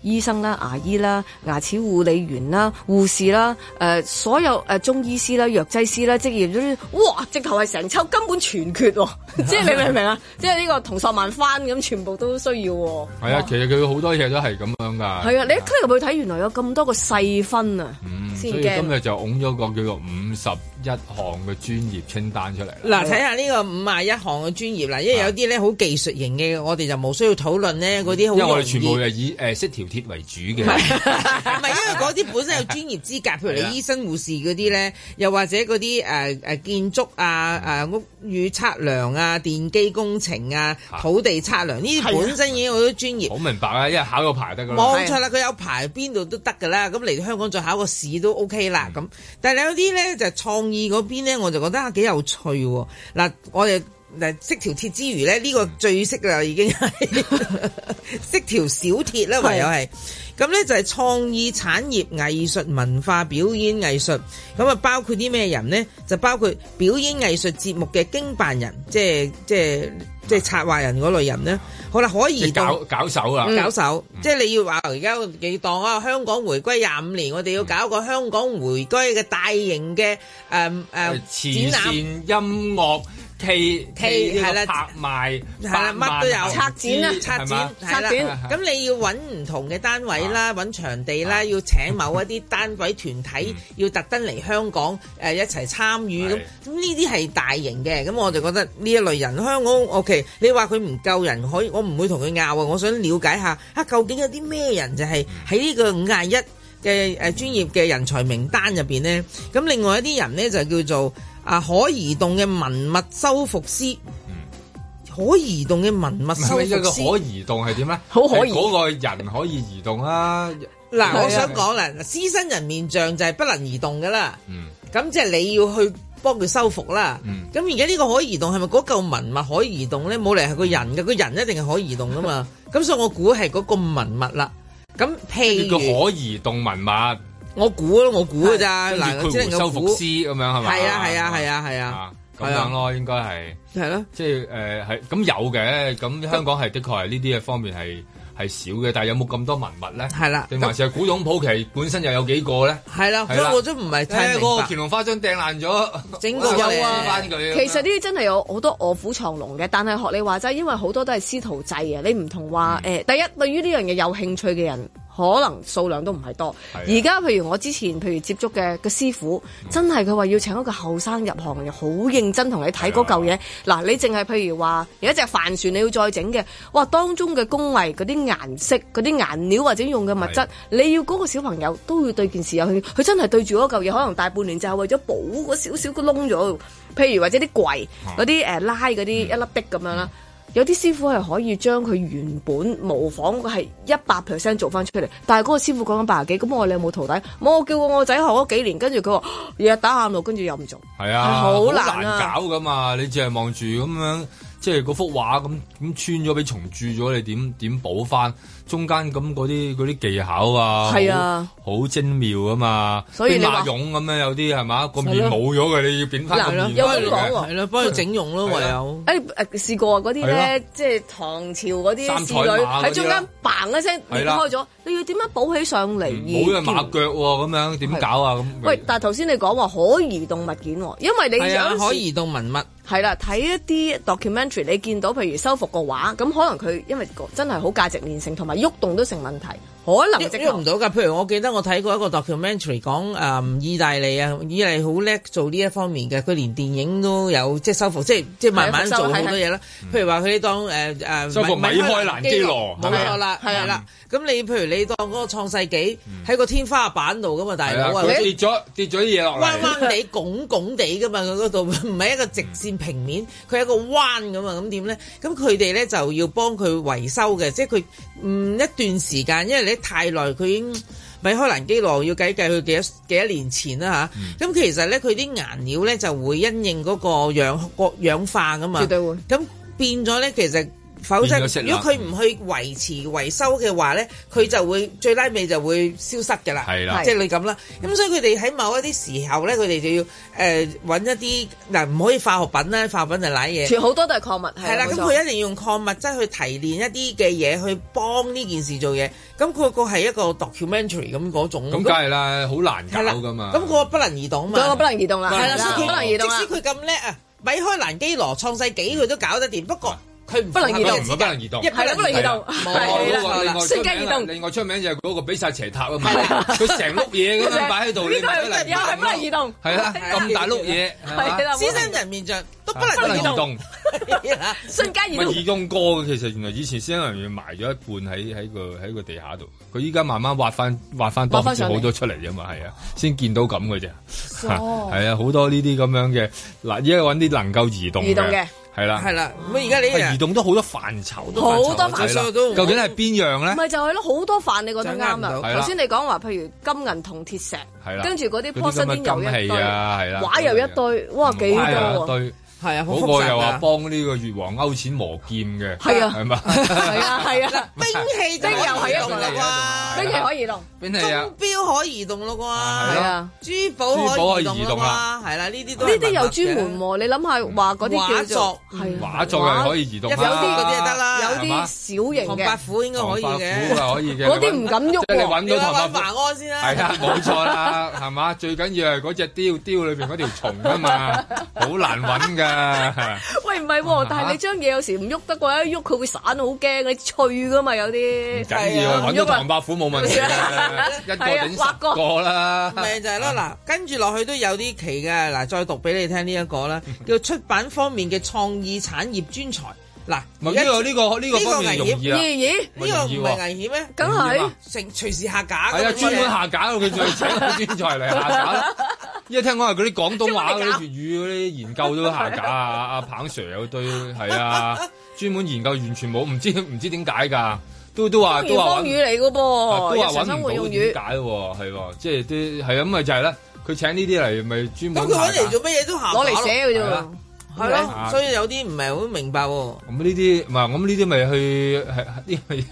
醫生啦、啊、牙醫啦、啊、牙齒護理員啦、啊、護士啦、啊、誒、呃、所有誒、呃、中醫師啦、啊、藥劑師啦、啊，職業都哇，直頭係成抽根本全缺喎、啊， 即係你明唔明啊？ 即係呢個同十萬返咁，全部都需要喎、啊。係啊，其實佢好多嘢都係咁樣㗎、啊。係啊，你一推入去睇原來有咁多個細分啊，嗯、所以今日就拱咗個叫做五十。一行嘅專業清單出嚟，嗱，睇下呢個五十一行嘅專業嗱，因為有啲咧好技術型嘅，我哋就冇需要討論咧嗰啲。因為我哋全部係以誒識條鐵為主嘅，唔係因為嗰啲本身有專業資格，譬如你醫生、護士嗰啲咧，又或者嗰啲誒誒建築啊、誒屋宇測量啊、電機工程啊、土地測量呢啲本身已經好多專業。好、啊、明白啊，因為考個牌得㗎啦，冇錯啦，佢有牌邊度都得㗎啦，咁嚟到香港再考個試都 OK 啦咁、嗯。但係有啲咧就係、創。嗰邊咧，我就覺得幾有趣。嗱、啊，我哋嚟識條鐵之餘咧，呢個最識啦，已經係識條小鐵啦， 唯有係。咁咧就係創意產業、藝術文化、表演藝術。咁啊，包括啲咩人咧？就包括表演藝術節目嘅經辦人，即係即係。即係策劃人嗰類人咧，好啦，可以搞搞手啊，嗯、搞手，嗯、即係你要話，而家要當啊，香港回歸廿五年，我哋要搞一個香港回歸嘅大型嘅誒誒慈善音樂。期期係啦，拍賣係啦，乜都有策展啦，啊，策展策展。咁你要揾唔同嘅單位啦，揾、啊、場地啦，啊，要請某一啲單位團體、嗯、要特登嚟香港、呃、一齊參與咁。咁呢啲係大型嘅，咁我就覺得呢一類人香港 OK。你話佢唔夠人可以，我唔會同佢拗啊。我想了解下，究竟有啲咩人就係喺呢個五廿一嘅誒專業嘅人才名單入面呢？咁另外一啲人呢，就叫做。啊！可移動嘅文物修復師、嗯，可移動嘅文物修復師。個可移動係點咧？好可嗰個人可以移動啦、啊。嗱、嗯，我想講啦，獅身人面像就係不能移動噶啦。嗯，咁即係你要去幫佢修復啦。嗯，咁而家呢個可移動係咪嗰嚿文物可以移動咧？冇理由係個人噶，嗯，那個人一定係可以移動噶嘛。咁 所以我估係嗰個文物啦。咁譬如那叫可移動文物。我估囉，我估嘅咋？嗱，即係修復師咁樣係咪？係啊，係啊，係啊，係啊，咁、啊啊啊、樣咯，應該係。係咯、啊，即係誒係咁有嘅，咁香港係、啊、的確係呢啲嘅方面係係少嘅，但係有冇咁多文物咧？係啦、啊，定還其實古董普奇本身又有幾個咧？係啦、啊啊欸，我都唔係聽過。乾隆花樽掟爛咗，整個有啊，啊，啊。其實呢啲真係有好多卧虎藏龍嘅，但係學你話齋，因為好多都係師徒制啊。你唔同話誒，第一對於呢樣嘢有興趣嘅人。可能數量都唔係多。而家、啊、譬如我之前，譬如接觸嘅個師傅，嗯、真係佢話要請一個後生入行人，又好認真同你睇嗰嚿嘢。嗱、啊，你淨係譬如話有一隻帆船你要再整嘅，哇，當中嘅工藝、嗰啲顏色、嗰啲顏料或者用嘅物質，你要嗰個小朋友都要對件事有興趣。佢真係對住嗰嚿嘢，可能大半年就係為咗補嗰少少個窿咗。譬如或者啲櫃嗰啲、嗯呃、拉嗰啲、嗯、一粒的咁樣啦。嗯有啲師傅係可以將佢原本模仿嘅係一百 percent 做翻出嚟，但係嗰個師傅講緊八十幾，咁我話你有冇徒弟？冇，我叫過我仔學咗幾年，跟住佢話日日打喊路，跟住又唔做。係啊，好難,、啊、難搞噶嘛！你淨係望住咁樣，即係嗰幅畫咁咁穿咗俾蟲蛀咗，你點點補翻？中間咁嗰啲嗰啲技巧啊，係啊，好精妙啊嘛，所以馬俑咁樣有啲係嘛，個面冇咗嘅，你要變翻。又咁講喎，係啦，幫佢、啊、整容咯、啊啊，唯有。誒、哎、誒，試過啊，嗰啲咧，即係唐朝嗰啲侍女喺中間嘭一聲裂、啊、開咗，你要點樣補起上嚟？冇、嗯、人馬腳咁、啊、樣，點搞啊？咁、啊啊、喂，但係頭先你講話可移動物件、啊，因為你、啊、有可移動文物。係啦，睇一啲 documentary，你見到譬如修復個畫，咁可能佢因為個真係好價值連成同埋喐動都成問題，可能喐唔到㗎。譬如我記得我睇過一個 documentary 講誒、呃、意大利啊，意大利好叻做呢一方面嘅，佢連電影都有即係修復，即係即係慢慢做好多嘢啦。譬如話佢當誒誒修復米開，米開蘭基羅係咪啦？係啦。咁你譬如你當嗰個創世紀喺、嗯、個天花板度㗎嘛，大佬，佢跌咗跌咗嘢落彎彎地拱拱地㗎嘛，佢嗰度唔係一個直線。平面佢有一個彎咁啊，咁點呢？咁佢哋呢就要幫佢維修嘅，即係佢唔一段時間，因為咧太耐佢已經米開朗基羅要計計佢幾幾多年前啦吓。咁、啊嗯、其實呢，佢啲顏料呢就會因應嗰個氧氧化咁啊，絕對會。咁變咗呢，其實。否則如果佢唔去維持維修嘅話咧，佢、嗯、就會最拉尾就會消失噶啦。係啦，即係你咁啦。咁、嗯、所以佢哋喺某一啲時候咧，佢哋就要誒揾、呃、一啲嗱唔可以化學品啦，化學品就賴嘢。全好多都係礦物係啦。咁佢一定要用礦物質去提煉一啲嘅嘢去幫呢件事做嘢。咁佢個係一個 documentary 咁嗰種。咁梗係啦，好難搞噶嘛。咁個不能移動啊嘛。咁不能移動啦。係啦，不能移動。即使佢咁叻啊，米開蘭基羅創世紀佢都搞得掂，不過。佢唔不能移動，唔不，不能移動，係不能移動。冇外另外出名，另外出名就係嗰個比薩斜塔啊！佢成碌嘢咁樣擺喺度，呢個係不能，又係不能移動。係啊，咁大碌嘢，係嘛？獅身人面像都不能不能移動。瞬間移動。係移動過嘅，其實原來以前獅身人面埋咗一半喺喺個喺個地下度，佢依家慢慢挖翻挖翻多，掘好多出嚟啫嘛，係啊，先見到咁嘅啫。哦，係啊，好多呢啲咁樣嘅嗱，依家揾啲能夠移動嘅。係啦，係啦，咁而家你移動咗好多範疇，好多範疇，範疇究竟係邊樣呢？唔係就係、是、咯，好多範你覺得啱啊！頭先你講話，譬如金銀銅鐵石，跟住嗰啲 porcelain 又一堆，畫又一堆，嘩，幾多喎，啊？係啊，嗰個又話幫呢個越王勾踐磨劍嘅，係嘛？係啊，係啊，兵器真係又係一樣啊！兵器可以動，鐘錶可以移動咯啩？係啊，珠寶可以移動啦。係啦，呢啲都呢啲又專門喎。你諗下話嗰啲叫做畫作，係畫作又可以移動啦。有啲嗰啲又得啦，有啲小型嘅唐伯虎應該可以嘅。嗰啲唔敢喐喎。即係你揾到唐伯虎先啦。係啦，冇錯啦，係嘛？最緊要係嗰隻雕雕裏邊嗰條蟲啊嘛，好難揾嘅。 哦、啊！喂，唔係喎，但係你張嘢有時唔喐得，過一喐佢會散，好驚。你脆噶嘛，有啲唔緊要，揾、啊啊、到唐伯虎冇問題、啊， 一個頂十個啦。咪、啊？ 就係咯，嗱，跟住落去都有啲奇嘅。嗱，再讀俾你聽呢、這、一個啦，叫出版方面嘅創意產業專才。嗱，呢個呢個呢個方面容易啦，呢、呢個唔係危險咩？梗係成隨時下架，係啊，專門下架喎，佢仲請專才嚟下架！咯。聽講係嗰啲廣東話嗰啲粵語嗰啲研究都下架 啊！阿彭 Sir 有係啊，對 專門研究完全冇，唔知唔知點解㗎，都都話都話方言語嚟嘅噃，都話揾唔到點解喎，係 喎，即係啲係啊咁咪就係、是、啦，佢、就是、請呢啲嚟咪專門下架攞嚟寫嘅啫。係咯，所以有啲唔係好明白喎。咁呢啲，唔係，咁呢啲咪去係呢、這個呢、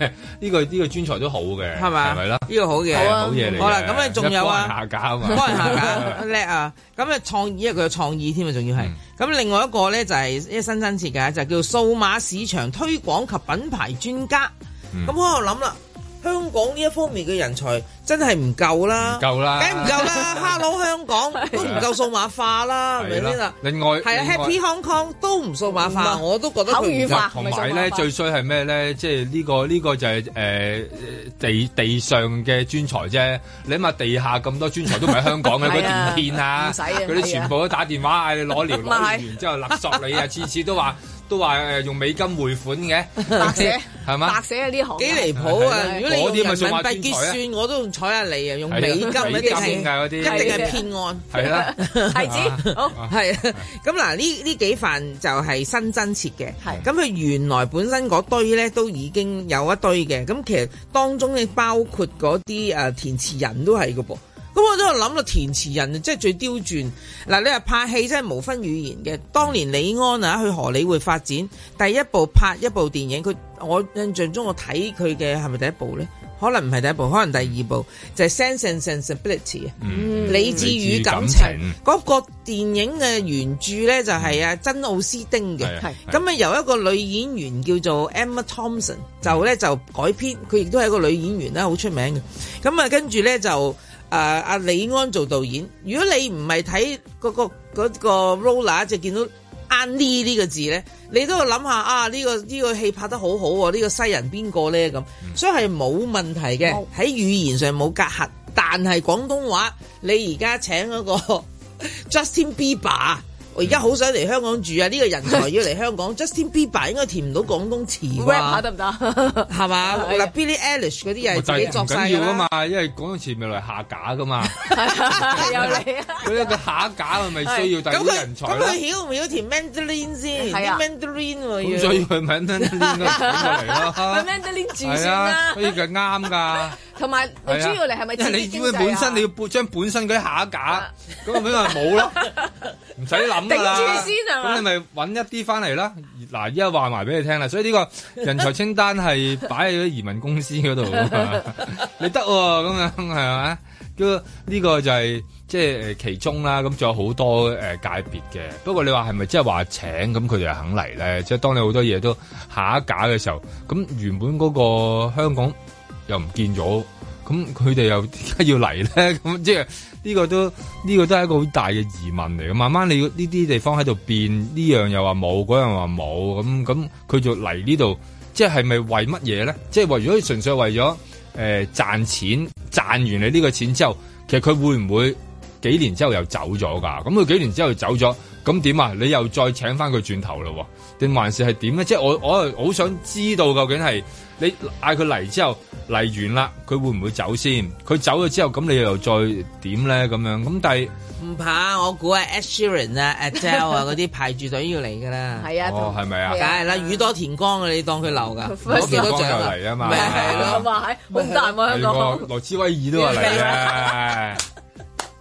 這個呢、這個專、這個、才都好嘅，係咪？係啦，呢、這個好嘅，好嘢嚟、嗯。好啦，咁啊仲有啊，幫人下架，人下架啊，叻啊！咁啊創意，佢有創意添啊，仲要係。咁、嗯、另外一個咧就係、是、一新新設嘅，就是、叫數碼市場推廣及品牌專家。咁我諗啦。香港呢一方面嘅人才真係唔夠啦，唔夠啦，梗唔夠啦。 Hello，香港都唔夠數碼化啦，係咪先啊？另外，係啊，Happy Hong Kong 都唔數碼化，我都覺得口語化。同埋咧，最衰係咩咧？即係呢個呢、呢個就係、係、誒、呃、地地上嘅專才啫。你諗下，地下咁多專才都唔喺香港嘅嗰啲電線啊，嗰 啲全部都打電話嗌你攞料，攞 完之後勒索你啊，次 次都話。都話誒用美金匯款嘅， 白寫係嘛？白寫喺呢行幾離譜啊！如果你人民幣結算，我都睬下你啊，用美金嘅定係一定係騙案，係啦，孩 子好係啊。咁 嗱，呢呢幾份就係新增設嘅，係咁佢原來本身嗰堆咧都已經有一堆嘅，咁其實當中嘅包括嗰啲誒填詞人都係㗎噃。咁我都諗到填詞人即係最刁鑽嗱。你話拍戲真係無分語言嘅。當年李安啊，去荷里活發展第一部拍一部電影，佢我印象中我睇佢嘅，係咪第一部呢？可能唔係第一部，可能第二部就係、是《Sense and Sensibility，嗯》理智與感情嗰、那個電影嘅原著呢，就係珍奧斯丁嘅。咁、嗯、啊由一個女演員叫做 Emma Thompson 就呢就改編，佢亦都係一個女演員啦，好出名嘅。咁啊跟住呢就。啊、呃！阿李安做導演，如果你唔係睇嗰個嗰、那個 Roller，就見到安 n 呢個字咧，你都要諗下啊呢、這個呢、這個戲拍得好好喎，呢、這個西人邊個咧咁，所以係冇問題嘅，喺語言上冇隔閡，但係廣東話你而家請嗰個 Justin Bieber。我而家好想嚟香港住啊！呢個人才要嚟香港，Justin Bieber 應該填唔到廣東詞，rap 得唔得？係嘛？嗱，Billie Eilish 嗰啲嘢自己作詞啊嘛，因為廣東詞未來下架噶嘛。係啊，係由你啊。佢一個下架係咪需要第二啲人才咁佢咁曉唔曉填 mandarin 先？係啊，mandarin。咁所以佢 mandarin 揼出嚟咯。mandarin 住先啦，呢個啱㗎。同埋你主要你係咪？因為你本身你要將將本身嗰啲下一架，咁佢咪冇囉，唔使諗啦。定 住先係嘛？咁你咪揾一啲翻嚟啦。嗱，依家話埋俾你聽啦。所以呢個人才清單係擺喺移民公司嗰度。 你得喎、啊，咁啊係咪？呢、這個就係即係其中啦。咁仲有好多誒、呃、界別嘅。不過你話係咪即係話請咁佢哋肯嚟咧？即、就、係、是、當你好多嘢都下一架嘅時候，咁原本嗰個香港。又唔見咗，咁佢哋又點解要嚟咧？咁即係呢個都呢個都係一個好大嘅疑問嚟。慢慢你呢啲地方喺度變，呢樣又話冇，嗰樣話冇，咁咁佢就嚟呢度，即係係咪為乜嘢咧？即係如果純粹為咗誒、呃、賺錢，賺完你呢個錢之後，其實佢會唔會？幾年之後又走咗噶，咁佢幾年之後走咗，咁點啊？你又再請翻佢轉頭咯？定還是係點咧？即係我，我好想知道究竟係你嗌佢嚟之後嚟完啦，佢會唔會走先？佢走咗之後，咁你又再點咧？咁樣咁，但係唔怕，我估係 Ed Sheeran 啊，Adele 啊嗰啲排住隊要嚟噶啦。係啊，係咪啊？梗係啦，雨多田光嘅，你當佢流噶，魚多漲啊嘛。咁啊，好大喎香港，羅斯威爾都嚟啦。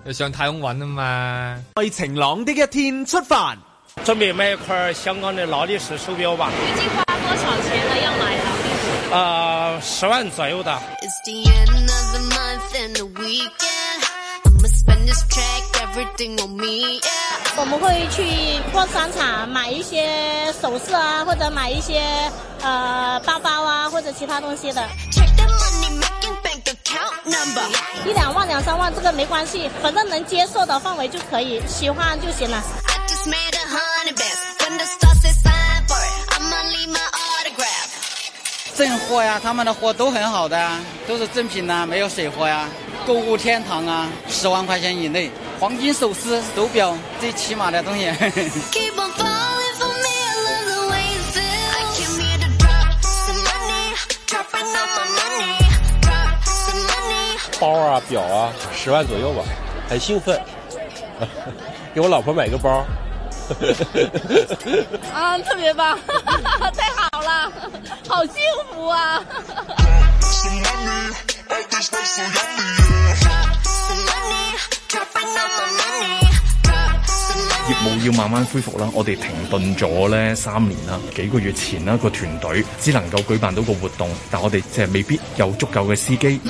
要上太空玩了嘛？在晴朗的一天出發，準備買一塊香港的勞力士手錶吧。預計花多少錢呢？要買勞力士？呃，十萬左右的。It's the end of the month and the weekend, I'ma spend, everything on me。我們會去逛商場，買一些首飾啊，或者買一些呃包包啊，或者其他東西的。Number. Number. 一兩萬、兩三萬，這個沒關係，反正能接受的範圍就可以，喜歡就行了。Fine, boy, 正貨呀，他們的貨都很好的，啊，都是正品呐，啊，沒有水貨呀。購物天堂啊，十萬塊錢以內，黃金首飾、手錶，最起碼的東西。 Keep on 包啊，表啊，十萬左右吧，很興奮， 給我老婆買個包， 啊，特別棒， 太好了，好幸福啊！ 業務要慢慢恢復啦，我哋停頓咗呢三年啦，幾個月前啦，個團隊只能夠舉辦到個活動，但我哋即係未必有足夠嘅司機。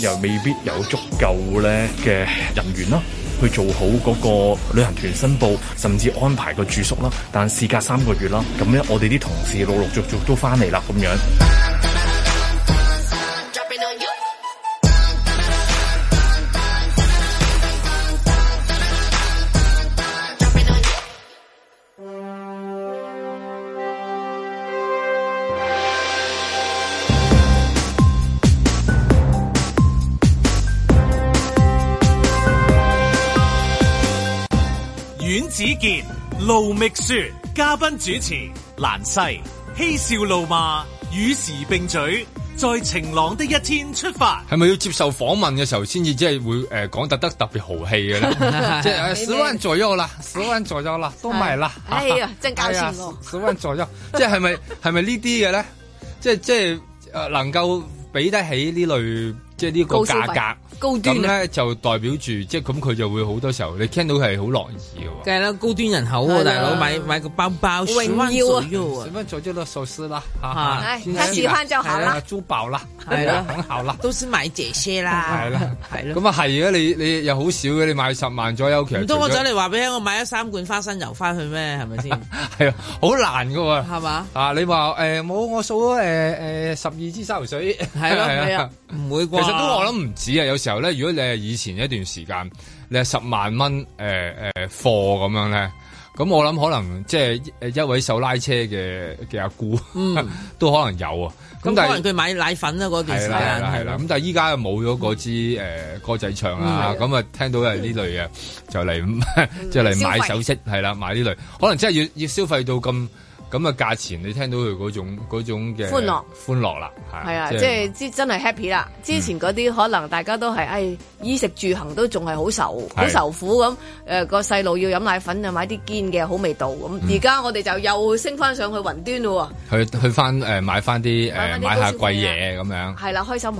又未必有足夠咧嘅人員啦，去做好嗰個旅行團申報，甚至安排個住宿啦。但事隔三個月啦，咁咧我哋啲同事陸陸續續都翻嚟啦，咁樣。盧覓雪，嘉賓主持蘭西，嬉笑怒罵，與時並舉，在晴朗的一天出發。係咪要接受訪問嘅時候，先至即係會誒講得得特別豪氣嘅咧？即係十萬左右啦，十萬左右啦，都埋啦。哎呀，真交錢咯！十萬左右 迷了、 哎 即，即係咪係咪呢啲嘅咧？即係即係誒，能夠畀得起呢類即係呢個價格。高端咧、啊、就代表住，即係咁佢就會好多時候你聽到係好樂意嘅。梗係啦，高端人口喎，大佬買買個包包，榮耀啊，十萬左右就首飾啦，吓，哎、啊，他喜返就好啦，珠寶啦，係很好啦，都是買這些啦，係咯，咁啊係啊，你你又好少嘅，你買十萬左右其實唔通我走嚟話俾你聽，我買咗三罐花生油翻去咩？係咪先？係 啊，好難嘅喎，係嘛？啊，你話誒，冇、欸、我數咗誒誒十二支沙律水，係咯係啊，唔會啩？其實都我諗唔止啊，有時候咧，如果你係以前一段時間，你係十萬蚊誒誒貨咁樣咧，咁我諗可能即係一位手拉車嘅嘅阿姑、嗯，都可能有啊。咁但係、嗯、可能佢買奶粉啦、啊、嗰件事係、啊、啦，咁但係依家冇咗嗰支誒、嗯呃、歌仔唱啦、啊，咁、嗯、啊、嗯、聽到係呢類嘅就嚟，即係嚟買首飾係啦，買呢類，可能即係要要消費到咁。咁啊，價錢你聽到佢嗰種嗰種嘅歡樂，歡樂啦，係啊，就是、即係真係 happy 啦。之前嗰啲可能大家都係，誒、嗯哎、衣食住行都仲係好愁好愁苦咁、呃。個細路要飲奶粉啊，買啲堅嘅好味道咁。而家我哋就又升翻上去雲端咯喎、嗯，去去翻誒、呃、買翻啲買,買下貴嘢咁、啊、樣。係啦、啊，開心下。咁、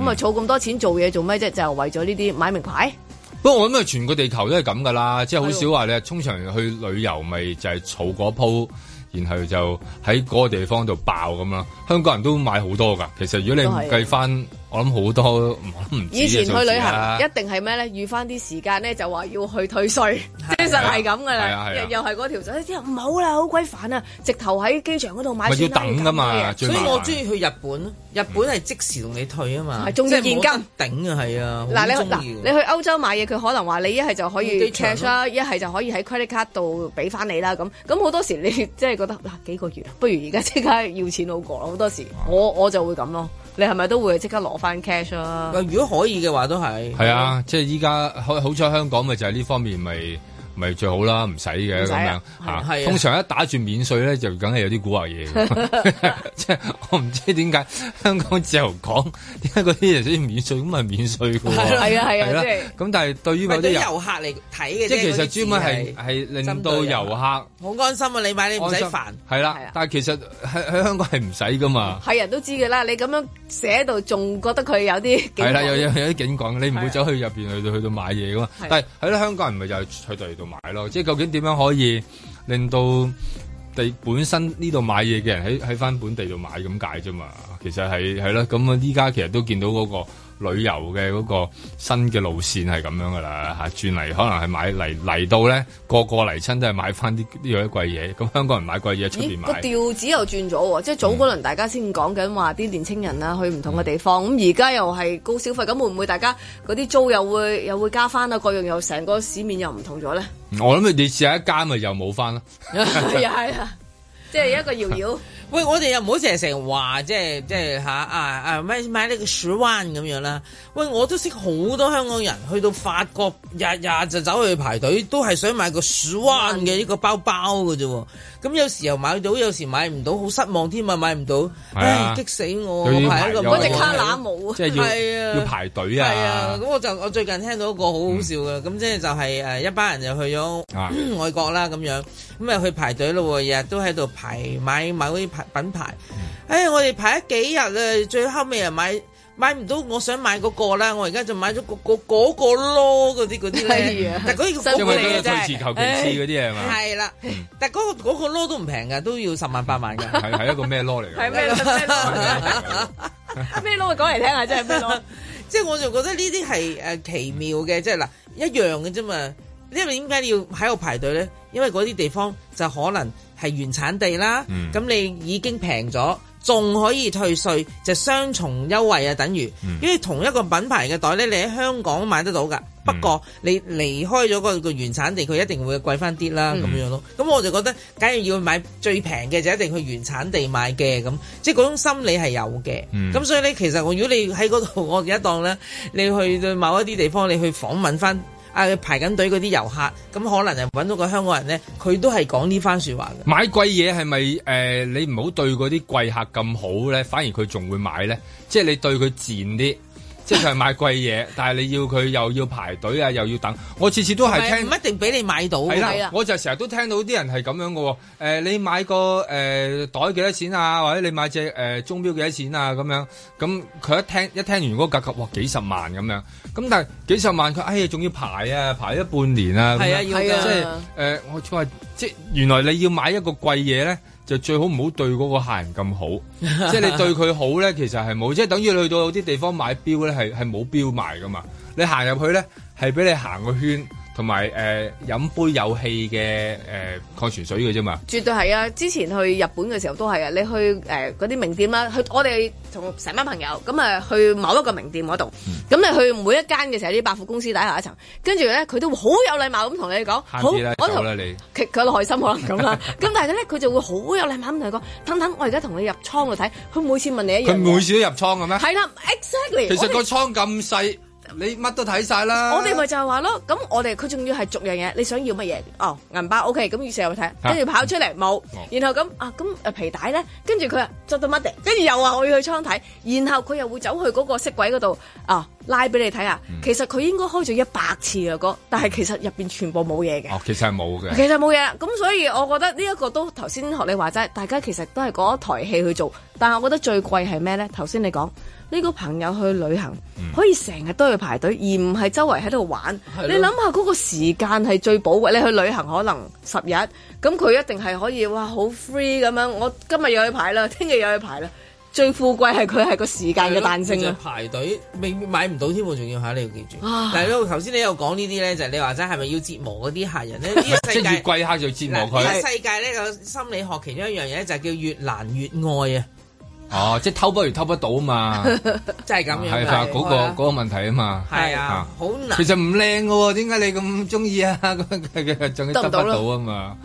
嗯、啊，儲咁多錢做嘢做咩啫？就為咗呢啲買名牌。不過我諗全個地球都係咁噶啦，即係好少話你通常去旅遊咪就係儲嗰鋪。嗯然後就喺嗰個地方度爆咁啦，香港人都買好多㗎。其實如果你唔計返。我諗好多，唔、啊、以前去旅行一定係咩咧？預翻啲時間咧，就話要去退稅，啊，即係實係咁噶啦，又係嗰條仔。哎呀，唔好啦，好鬼煩啊！啊直頭喺機場嗰度買要等噶嘛，所以我中意去日本。日本係即時同你退啊嘛，仲、嗯、要現金頂啊，係啊。嗱你嗱你去歐洲買嘢，佢可能話你一係就可以 cash 啦，一係就可以喺 credit card 度俾翻你啦。咁咁好多時你即係覺得嗱、啊、幾個月，不如而家即刻要錢好過咯。好多時我我，我就會咁咯。你係咪都會即刻攞翻 cash 啊？如果可以嘅話是，都係。係啊，即係依家好好彩，香港咪就係呢方面咪、就是。咪最好啦，唔使嘅咁樣嚇、啊。通常一打住免稅咧，就梗係有啲古惑嘢。即 係、 就是、我唔知點解香港自由港，點解嗰啲人先免稅，咁咪免稅嘅係啊係啊，係咁、啊啊啊、但係對於嗰啲遊，遊客嚟睇嘅，即係其實專門係係令到遊客好安心啊！你買你唔使煩。係啦、啊啊，但係其實喺、啊啊、香港係唔使㗎嘛。係人、啊、都知嘅啦，你咁樣寫喺度仲覺得佢有啲係啦，有有有啲警告，你唔會走去入面去、啊、去到買嘢㗎嘛。但係係、啊、香港人咪又係去買咯，即係究竟點樣可以令到地本身呢度買嘢嘅人喺喺返本地度買咁解啫嘛？其實係係啦，咁啊依家其實都見到嗰個。旅遊嘅嗰個新嘅路線係咁樣噶啦吓，轉嚟可能係買嚟嚟到咧，個個嚟親都係買翻啲啲一貴嘢。咁香港人買貴嘢，喺出邊買。個調子又轉咗，嗯，即係早嗰輪大家先講緊話啲年青人啦，去唔同嘅地方。咁而家又係高消費，咁會唔會大家嗰啲租又會又會加翻啦？各樣又成個市面又唔同咗咧。我諗你試下一間咪又冇翻咯，又係啊，即係一個搖搖。 喂，我哋又唔好成日成日話，即係即係吓，啊啊！買呢個鼠環咁樣啦？喂，我都識好多香港人去到法國，日日就走去排隊，都係想買個鼠環嘅呢個包包嘅啫。咁有時候買到，有時候買唔到，好失望添啊！買唔到、啊，唉，激死我！要排嗰隻卡拿冇啊，係、就係、啊，要排隊啊。咁、啊、我就我最近聽到一個好好笑嘅，咁即係就係一班人就去咗 外國啦，咁樣咁啊去排隊咯，日日都喺度排買買嗰啲排。品牌，誒，我哋排咗幾日啊，最後尾又買買唔到，我想買嗰個啦，我而家就買咗、嗰個、嗰個嗰個攞嗰啲啲咧，但嗰個即係佢嗰個趨、那、時、個、求其次嗰啲嘢咪？係啦、嗰個，但嗰、嗰個嗰、嗰個都唔平噶，都要十萬八萬噶，係 係一個咩攞嚟噶，咩攞咩攞啊？講嚟 聽下， 即係咩攞？即係我就覺得呢啲係誒奇妙嘅，即係嗱一樣嘅啫嘛。因為點解你要喺度排隊咧？因為嗰啲地方就可能。係原產地啦，咁、嗯、你已經平咗，仲可以退稅，就是、雙重優惠啊，等於、嗯，因為同一個品牌嘅袋呢，你喺香港買得到噶、嗯，不過你離開咗嗰個原產地，佢一定會貴翻啲啦，咁、嗯、樣咯。咁我就覺得，假如要買最平嘅，就一定去原產地買嘅，咁即係嗰種心理係有嘅。咁、嗯、所以呢，其實我如果你喺嗰度，我而家當呢，你去某一啲地方，你去訪問翻。啊！排緊隊嗰啲遊客，咁可能又揾到個香港人咧，佢都係講呢番說話。買貴嘢係咪誒？你唔好對嗰啲貴客咁好咧，反而佢仲會買咧。即係你對佢賤啲。 即係佢係買貴嘢，但係你要佢又要排隊啊，又要等。我次次都係聽，唔一定俾你買到。係啦，我就成日都聽到啲人係咁樣嘅。誒、呃，你買個誒、呃、袋幾多錢啊？或者你買隻誒鐘表幾多錢啊？咁樣，咁佢一聽一聽完嗰個價格，哇，幾十萬咁樣。咁但係幾十萬，佢哎呀，仲要排啊，排咗半年啊。係啊，要啊、就是呃。即係誒，我佢話即係原來你要買一個貴嘢咧。就最好唔好對嗰個客人咁好，即 係你對佢好咧，其實係冇，即係等於你去到有啲地方買表咧，係係冇表賣噶嘛，你行入去咧係俾你行個圈。同埋誒飲杯有氣嘅誒、呃、礦泉水嘅啫嘛，絕對係啊！之前去日本嘅時候都係啊，你去誒嗰啲名店啦、啊，去我哋同成班朋友咁啊、嗯、去某一個名店嗰度，咁、嗯、你去每一間嘅時候，啲百貨公司底下一層，跟住咧佢都好有禮貌咁同你講，好，我同你佢耐心可能咁啦咁但係咧佢就會好有禮貌咁同你講，等等，我而家同你入倉度睇，佢每次問你一樣，佢每次都入倉嘅咩？係啦，exactly。其實個倉咁細。你乜都睇晒啦！我哋咪就係話咯，咁我哋佢仲要係逐樣嘢，你想要乜嘢？哦，銀包 OK，咁於是又去睇，跟住跑出嚟冇，然後咁啊咁啊皮帶咧，跟住佢啊執到乜嘢，跟住又話我要去窗睇，然後佢又會走去嗰個色鬼嗰度啊拉俾你睇啊，其實佢應該開咗一百次嘅歌，但係其實入邊全部冇嘢嘅。哦，其實係冇嘅。其實冇嘢啦，咁所以我覺得呢一個都頭先學你話齋，大家其實都係嗰一台戲去做，但係我覺得最貴係咩咧？頭先你講。呢、這個朋友去旅行，可以成日都要排隊，而唔係周圍喺度玩。你諗下嗰個時間係最寶貴。你去旅行可能十日，咁佢一定係可以哇，好 free 咁樣。我今日又去排啦，聽日又去排啦。最富貴係佢係個時間嘅誕生啊！排隊未買唔到添喎，仲要嚇你要記住。但係咧，頭先你又講呢啲咧，就係、是、你話齋係咪要折磨嗰啲客人呢？呢 個世界越貴客就折磨佢。現在世界呢個心理學其中一樣嘢就叫越難越愛啊！哦、啊，即係偷不如偷得到嘛， 真係咁樣，係、嗰個、啊，嗰個嗰個問題啊嘛，係啊，好、啊、難，其實唔靚噶，點解你咁中意啊？咁 嘅，仲要得到到啊嘛，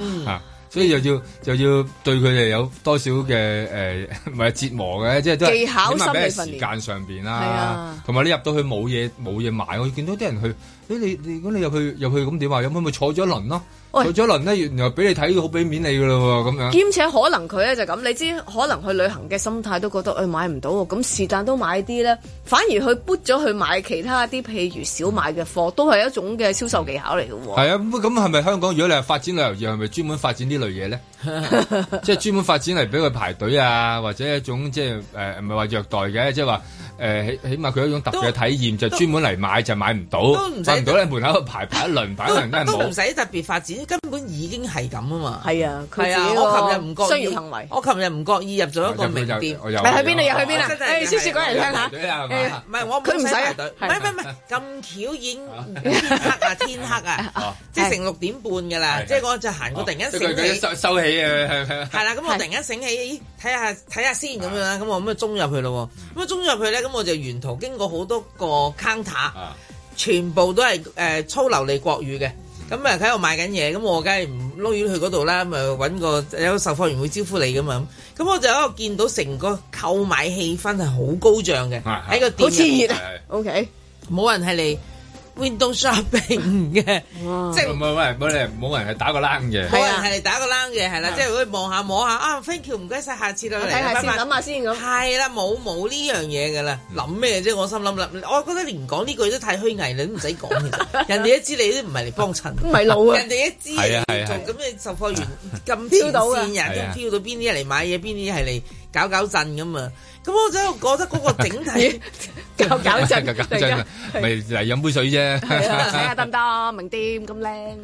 所以又要又、嗯、要對佢哋有多少嘅誒，唔係、哎嗯、 折磨嘅，即係都係，同時間上邊啦，同埋你入到去冇嘢冇嘢買我見到啲人去，欸、你你如果你入去入去咁點啊？有冇咪坐咗一輪咯？去咗輪咧，原來俾你睇好俾面你噶啦，咁樣。兼且可能佢咧就咁，你知可能去旅行嘅心態都覺得誒、哎、買唔到，咁是但都買啲咧，反而去撥咗去買其他啲譬如少買嘅貨，都係一種嘅銷售技巧嚟嘅。係、嗯、啊，咁係咪香港？如果你係發展旅遊業，係咪專門發展呢類嘢咧？ 即係專門發展嚟俾佢排隊啊，或者一種即係誒唔係話虐待嘅，即係話誒起起碼佢有一種特別嘅體驗，就專門嚟買就買唔到，都唔使唔到喺門口度排排一輪，排一輪都都唔使特別發展，根本已經係咁啊嘛，係啊，佢啊，哦、我琴日唔覺意行為，我琴日唔覺意入咗一個名店，咪去邊？你入去邊啊？誒，說說講嚟聽下，唔係我唔，佢唔使，唔唔唔咁巧而天黑啊天黑啊，即係成六點半噶啦，即係、就是欸、我就行過，突然間係係係啦！咁我突然間醒起，睇下睇下先咁樣啦。咁我咁啊，中入去咯喎。咁啊，中入去咧，咁我就沿途經過好多個 counter，全部都係誒、呃、粗流利國語嘅。咁啊喺度買緊嘢，咁我梗係唔撈遠去嗰度啦。咁啊揾個有售貨員會招呼你咁樣。咁我就喺度見到成個購買氣氛係好高漲嘅，喺個店好啊。O K，冇人係嚟。Window shopping 嘅，即係唔係唔係冇人冇人係打個冷嘅，冇人係嚟打個冷嘅，係啦，即係會望下望下啊，thank you 唔該晒，下次啦嚟，睇下先諗下先咁。係啦，冇冇呢樣嘢㗎啦，諗咩啫？我心諗諗，我覺得連講呢句都太虛偽，你都唔使講嘅，人哋都知你都唔係嚟幫襯，唔係老啊，人哋一知你唔做，咁你售貨員咁挑到啊，都挑到邊啲嚟買嘢，邊啲係嚟。搞搞震㗎嘛！咁我真係覺得嗰個整體搞搞震，搞搞震，咪嚟飲杯水啫，睇下得唔得？名店咁靚。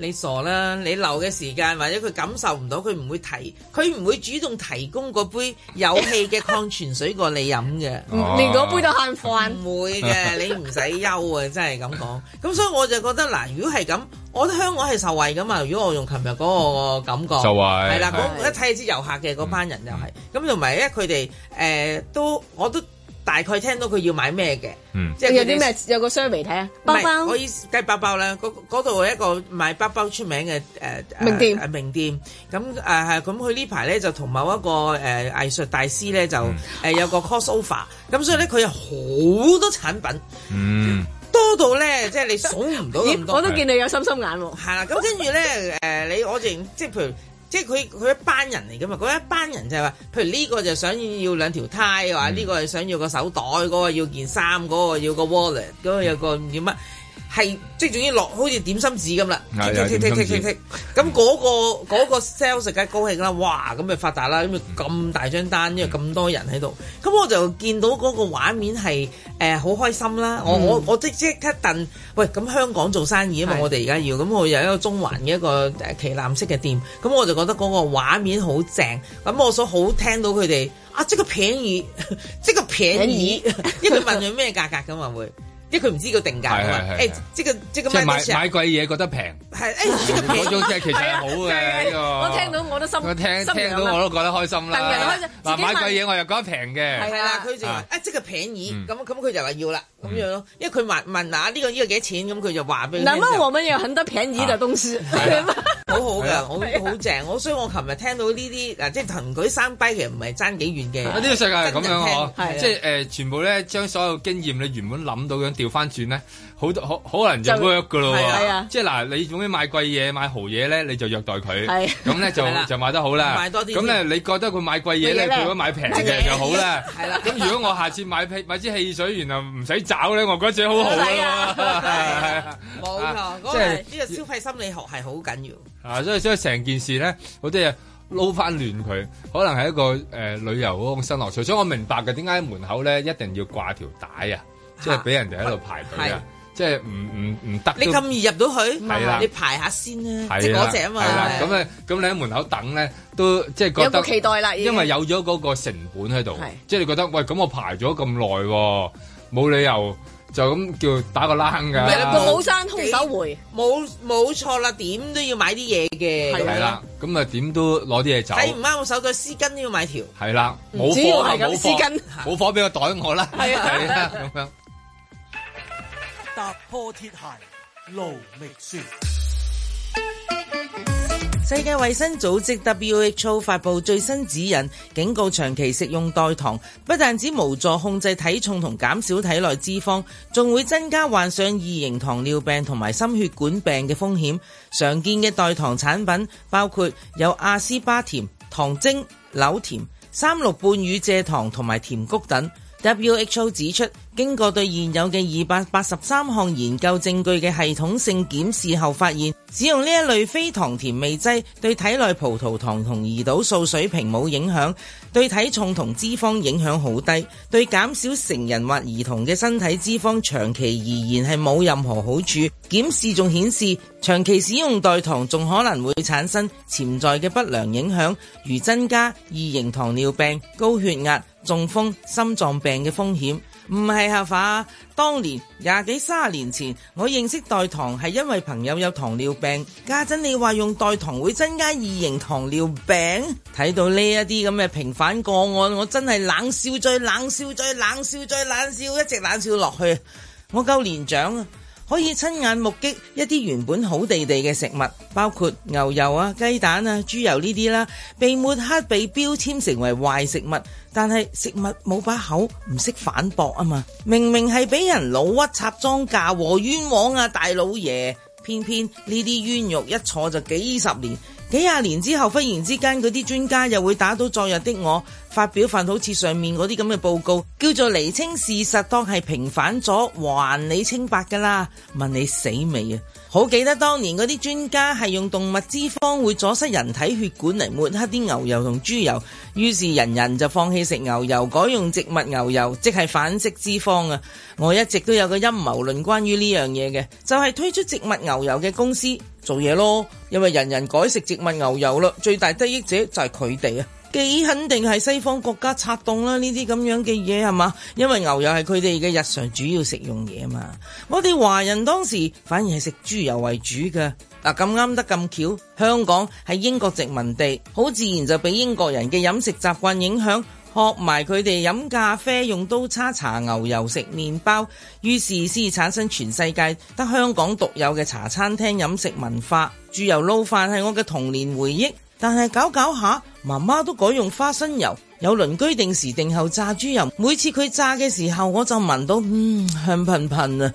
你傻啦！你留嘅時間或者佢感受唔到，佢唔會提，佢唔會主動提供嗰杯有氣嘅礦泉水過你飲嘅， 不 連嗰杯都慳翻。唔會嘅，你唔使憂啊！真係咁講。咁所以我就覺得嗱，如果係咁，我覺得香港係受惠㗎嘛。如果我用琴日嗰個感覺，受惠係啦。嗰一睇知遊客嘅嗰班人又係咁，同埋咧佢哋誒都我都。大概聽到佢要買咩嘅、嗯，即係有啲咩有個 survey 睇啊，包包可以雞包包啦，嗰度有一個賣包包出名嘅誒、呃、名店，呃、名店咁誒咁佢呢排咧就同某一個誒、呃、藝術大師咧就、嗯呃、有個 cosover，咁、啊、所以咧佢有好多產品，嗯，多到咧即係你數唔 到咁多，我都見你有心心眼喎、哦，係啦，咁跟住咧誒你我淨即係譬如。即係佢、佢一班人嚟㗎嘛，佢一班人就係話，譬如呢個就想要兩條呔，話呢個係想要個手袋，嗰個要件衫，嗰個要個 wallet，嗰個有個唔知乜。係即係，總之落好似點心紙咁啦，咁嗰、嗯那個嗰、那個 sales 梗高高興啦，哇咁咪發達啦，咁咪咁大張單，因為咁、嗯、多人喺度，咁我就見到嗰個畫面係誒好開心啦，我我我即即刻燉，喂咁香港做生意啊嘛，因為我哋而家要，咁我有一個中環嘅一個旗艦式嘅店，咁我就覺得嗰個畫面好正，咁我所好聽到佢哋啊即個便宜，即個便宜，因為問佢咩價格咁會。妹妹因為佢唔知個定價啊嘛，是是是是是是是、哎、即個即買嘢貴嘢覺得平，係誒，呢、哎這個其實係好嘅。我聽到我都心，我聽，聽到我都覺得開心啦。突然買，買貴嘢我又覺得平嘅，係啦。佢、啊、就誒、啊啊、即個平宜，咁咁佢就話要啦，咁、嗯、樣咯。因為佢問問啊呢、這個呢、這個幾錢，咁佢就話俾。那麼我們有很多便宜的東西，啊、 好好嘅，好正。我所以我琴日聽到呢啲、啊、即係騰舉其實唔係爭幾遠嘅。呢個世界係咁樣，即係全部咧將所有經驗你原本諗到嘅調翻轉咧，好多可可能就 work 噶咯喎，即係嗱，你總之買貴嘢買豪嘢咧，你就虐待佢，咁咧就就買得好啦。買多啲。咁咧你覺得佢買貴嘢咧，佢都買平嘅就好啦。係啦，咁如果我下次買氣買支汽水，然後唔使找咧，我覺得自己好好啦。冇錯，即係呢個消費心理學係好緊要。啊，所以所以成件事咧，好多嘢撈翻亂佢，可能係一個誒旅遊嗰種新樂趣。所以我明白嘅，點解喺門口咧一定要掛條帶啊！即係俾人哋喺度排隊啊！即係唔唔唔得嘅。你咁易入到去？係啦，你排下先啦。即係嗰隻啊嘛。係啦，咁咧，咁你喺門口等咧，都即係覺得有個期待啦。因為有咗嗰個成本喺度，即係你覺得喂，咁我排咗咁耐，冇理由就咁叫打個冷㗎。冇生空手回，冇冇錯啦，點都要買啲嘢嘅。係啦，咁啊點都攞啲嘢走。睇唔啱，我手袋絲巾都要買條。係啦，冇貨啊，冇絲巾，冇貨俾個袋我啦。係啊，咁樣。踏破鐵鞋路未雪。世界衛生組織 WHO 發佈最新指引，警告長期食用代糖不但只無助控制體重同減少體內脂肪，仲會增加患上二型糖尿病同埋心血管病嘅風險。常見嘅代糖產品包括有阿斯巴甜、糖精、紐甜、三氯半乳蔗糖同埋甜菊等。WHO 指出，經過對現有嘅二百八十三項研究證據嘅系統性檢視後，發現使用呢一類非糖甜味劑對體內葡萄糖同胰島素水平冇影響，對體重同脂肪影響好低，對減少成人或兒童嘅身體脂肪長期而言係冇任何好處。檢視仲顯示，長期使用代糖仲可能會產生潛在嘅不良影響，如增加二型糖尿病、高血壓、中風、心臟病嘅風險，唔係合法。當年廿幾、三十年前，我認識代糖係因為朋友有糖尿病，家陣你話用代糖會增加二型糖尿病，睇到呢一啲咁嘅平反個案，我真係冷、冷笑再冷笑再冷笑再冷笑，一直冷笑落去，我夠年長啊！可以親眼目擊一啲原本好地地嘅食物，包括牛油啊、雞蛋啊、豬油呢啲啦，被抹黑被標籤成為壞食物。但係食物冇把口，唔識反駁啊嘛。明明係俾人老屈插贓嫁禍，冤枉啊大老爺，偏偏呢啲冤獄一坐就幾十年、幾廿年之後，忽然之間嗰啲專家又會打倒昨日的我。發表份好似上面嗰啲咁嘅報告，叫做厘清事實，當係平反咗，還你清白噶啦！問你死未啊？好記得當年嗰啲專家係用動物脂肪會阻塞人體血管嚟抹黑啲牛油同豬油，於是人人就放棄食牛油，改用植物牛油，即係反式脂肪啊！我一直都有個陰謀論關於呢樣嘢嘅，就係推出植物牛油嘅公司做嘢咯，因為人人改食植物牛油啦，最大得益者就係佢哋啊！幾肯定係西方國家策動啦，啊！呢啲咁樣嘅嘢係嘛？因為牛油係佢哋嘅日常主要食用嘢嘛。我哋華人當時反而係食豬油為主㗎。嗱，咁啱得咁巧，香港係英國殖民地，好自然就俾英國人嘅飲食習慣影響，學埋佢哋飲咖啡、用刀叉茶、茶牛油、食麵包，於是先產生全世界得香港獨有嘅茶餐廳飲食文化。豬油撈飯係我嘅童年回憶。但係搞搞下，媽媽都改用花生油。有鄰居定時定候炸豬油，每次佢炸嘅時候，我就聞到嗯香噴噴啊，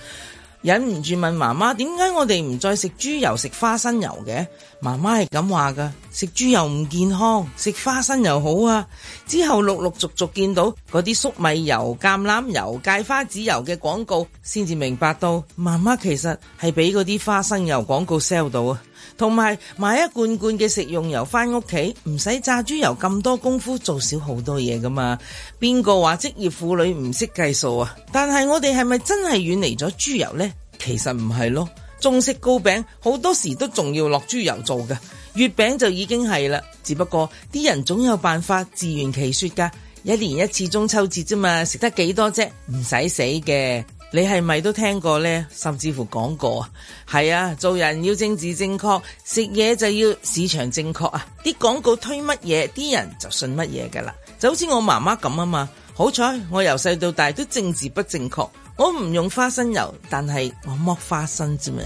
忍唔住問媽媽：點解我哋唔再食豬油，食花生油嘅？媽媽係咁話㗎：食豬油唔健康，食花生油好啊。之後陸陸續續見到嗰啲粟米油、橄欖油、芥花籽油嘅廣告，先至明白到媽媽其實係俾嗰啲花生油廣告 sell 到啊。同埋買一罐罐嘅食用油翻屋企，唔使炸豬油咁多功夫，做少好多嘢噶嘛。邊個話職業婦女唔識計數啊？但係我哋係咪真係遠離咗豬油呢？其實唔係咯，中式糕餅好多時都仲要落豬油做㗎，月餅就已經係啦。只不過啲人總有辦法自圓其說噶，一年一次中秋節啫嘛，食得幾多啫，唔使死嘅。你係咪都聽過呢？甚至乎講過啊？係啊，做人要政治正確，食嘢就要市場正確啊！啲廣告推乜嘢，啲人就信乜嘢噶啦。就好似我媽媽咁啊嘛，好彩我由細到大都政治不正確，我唔用花生油，但係我剝花生啫嘛。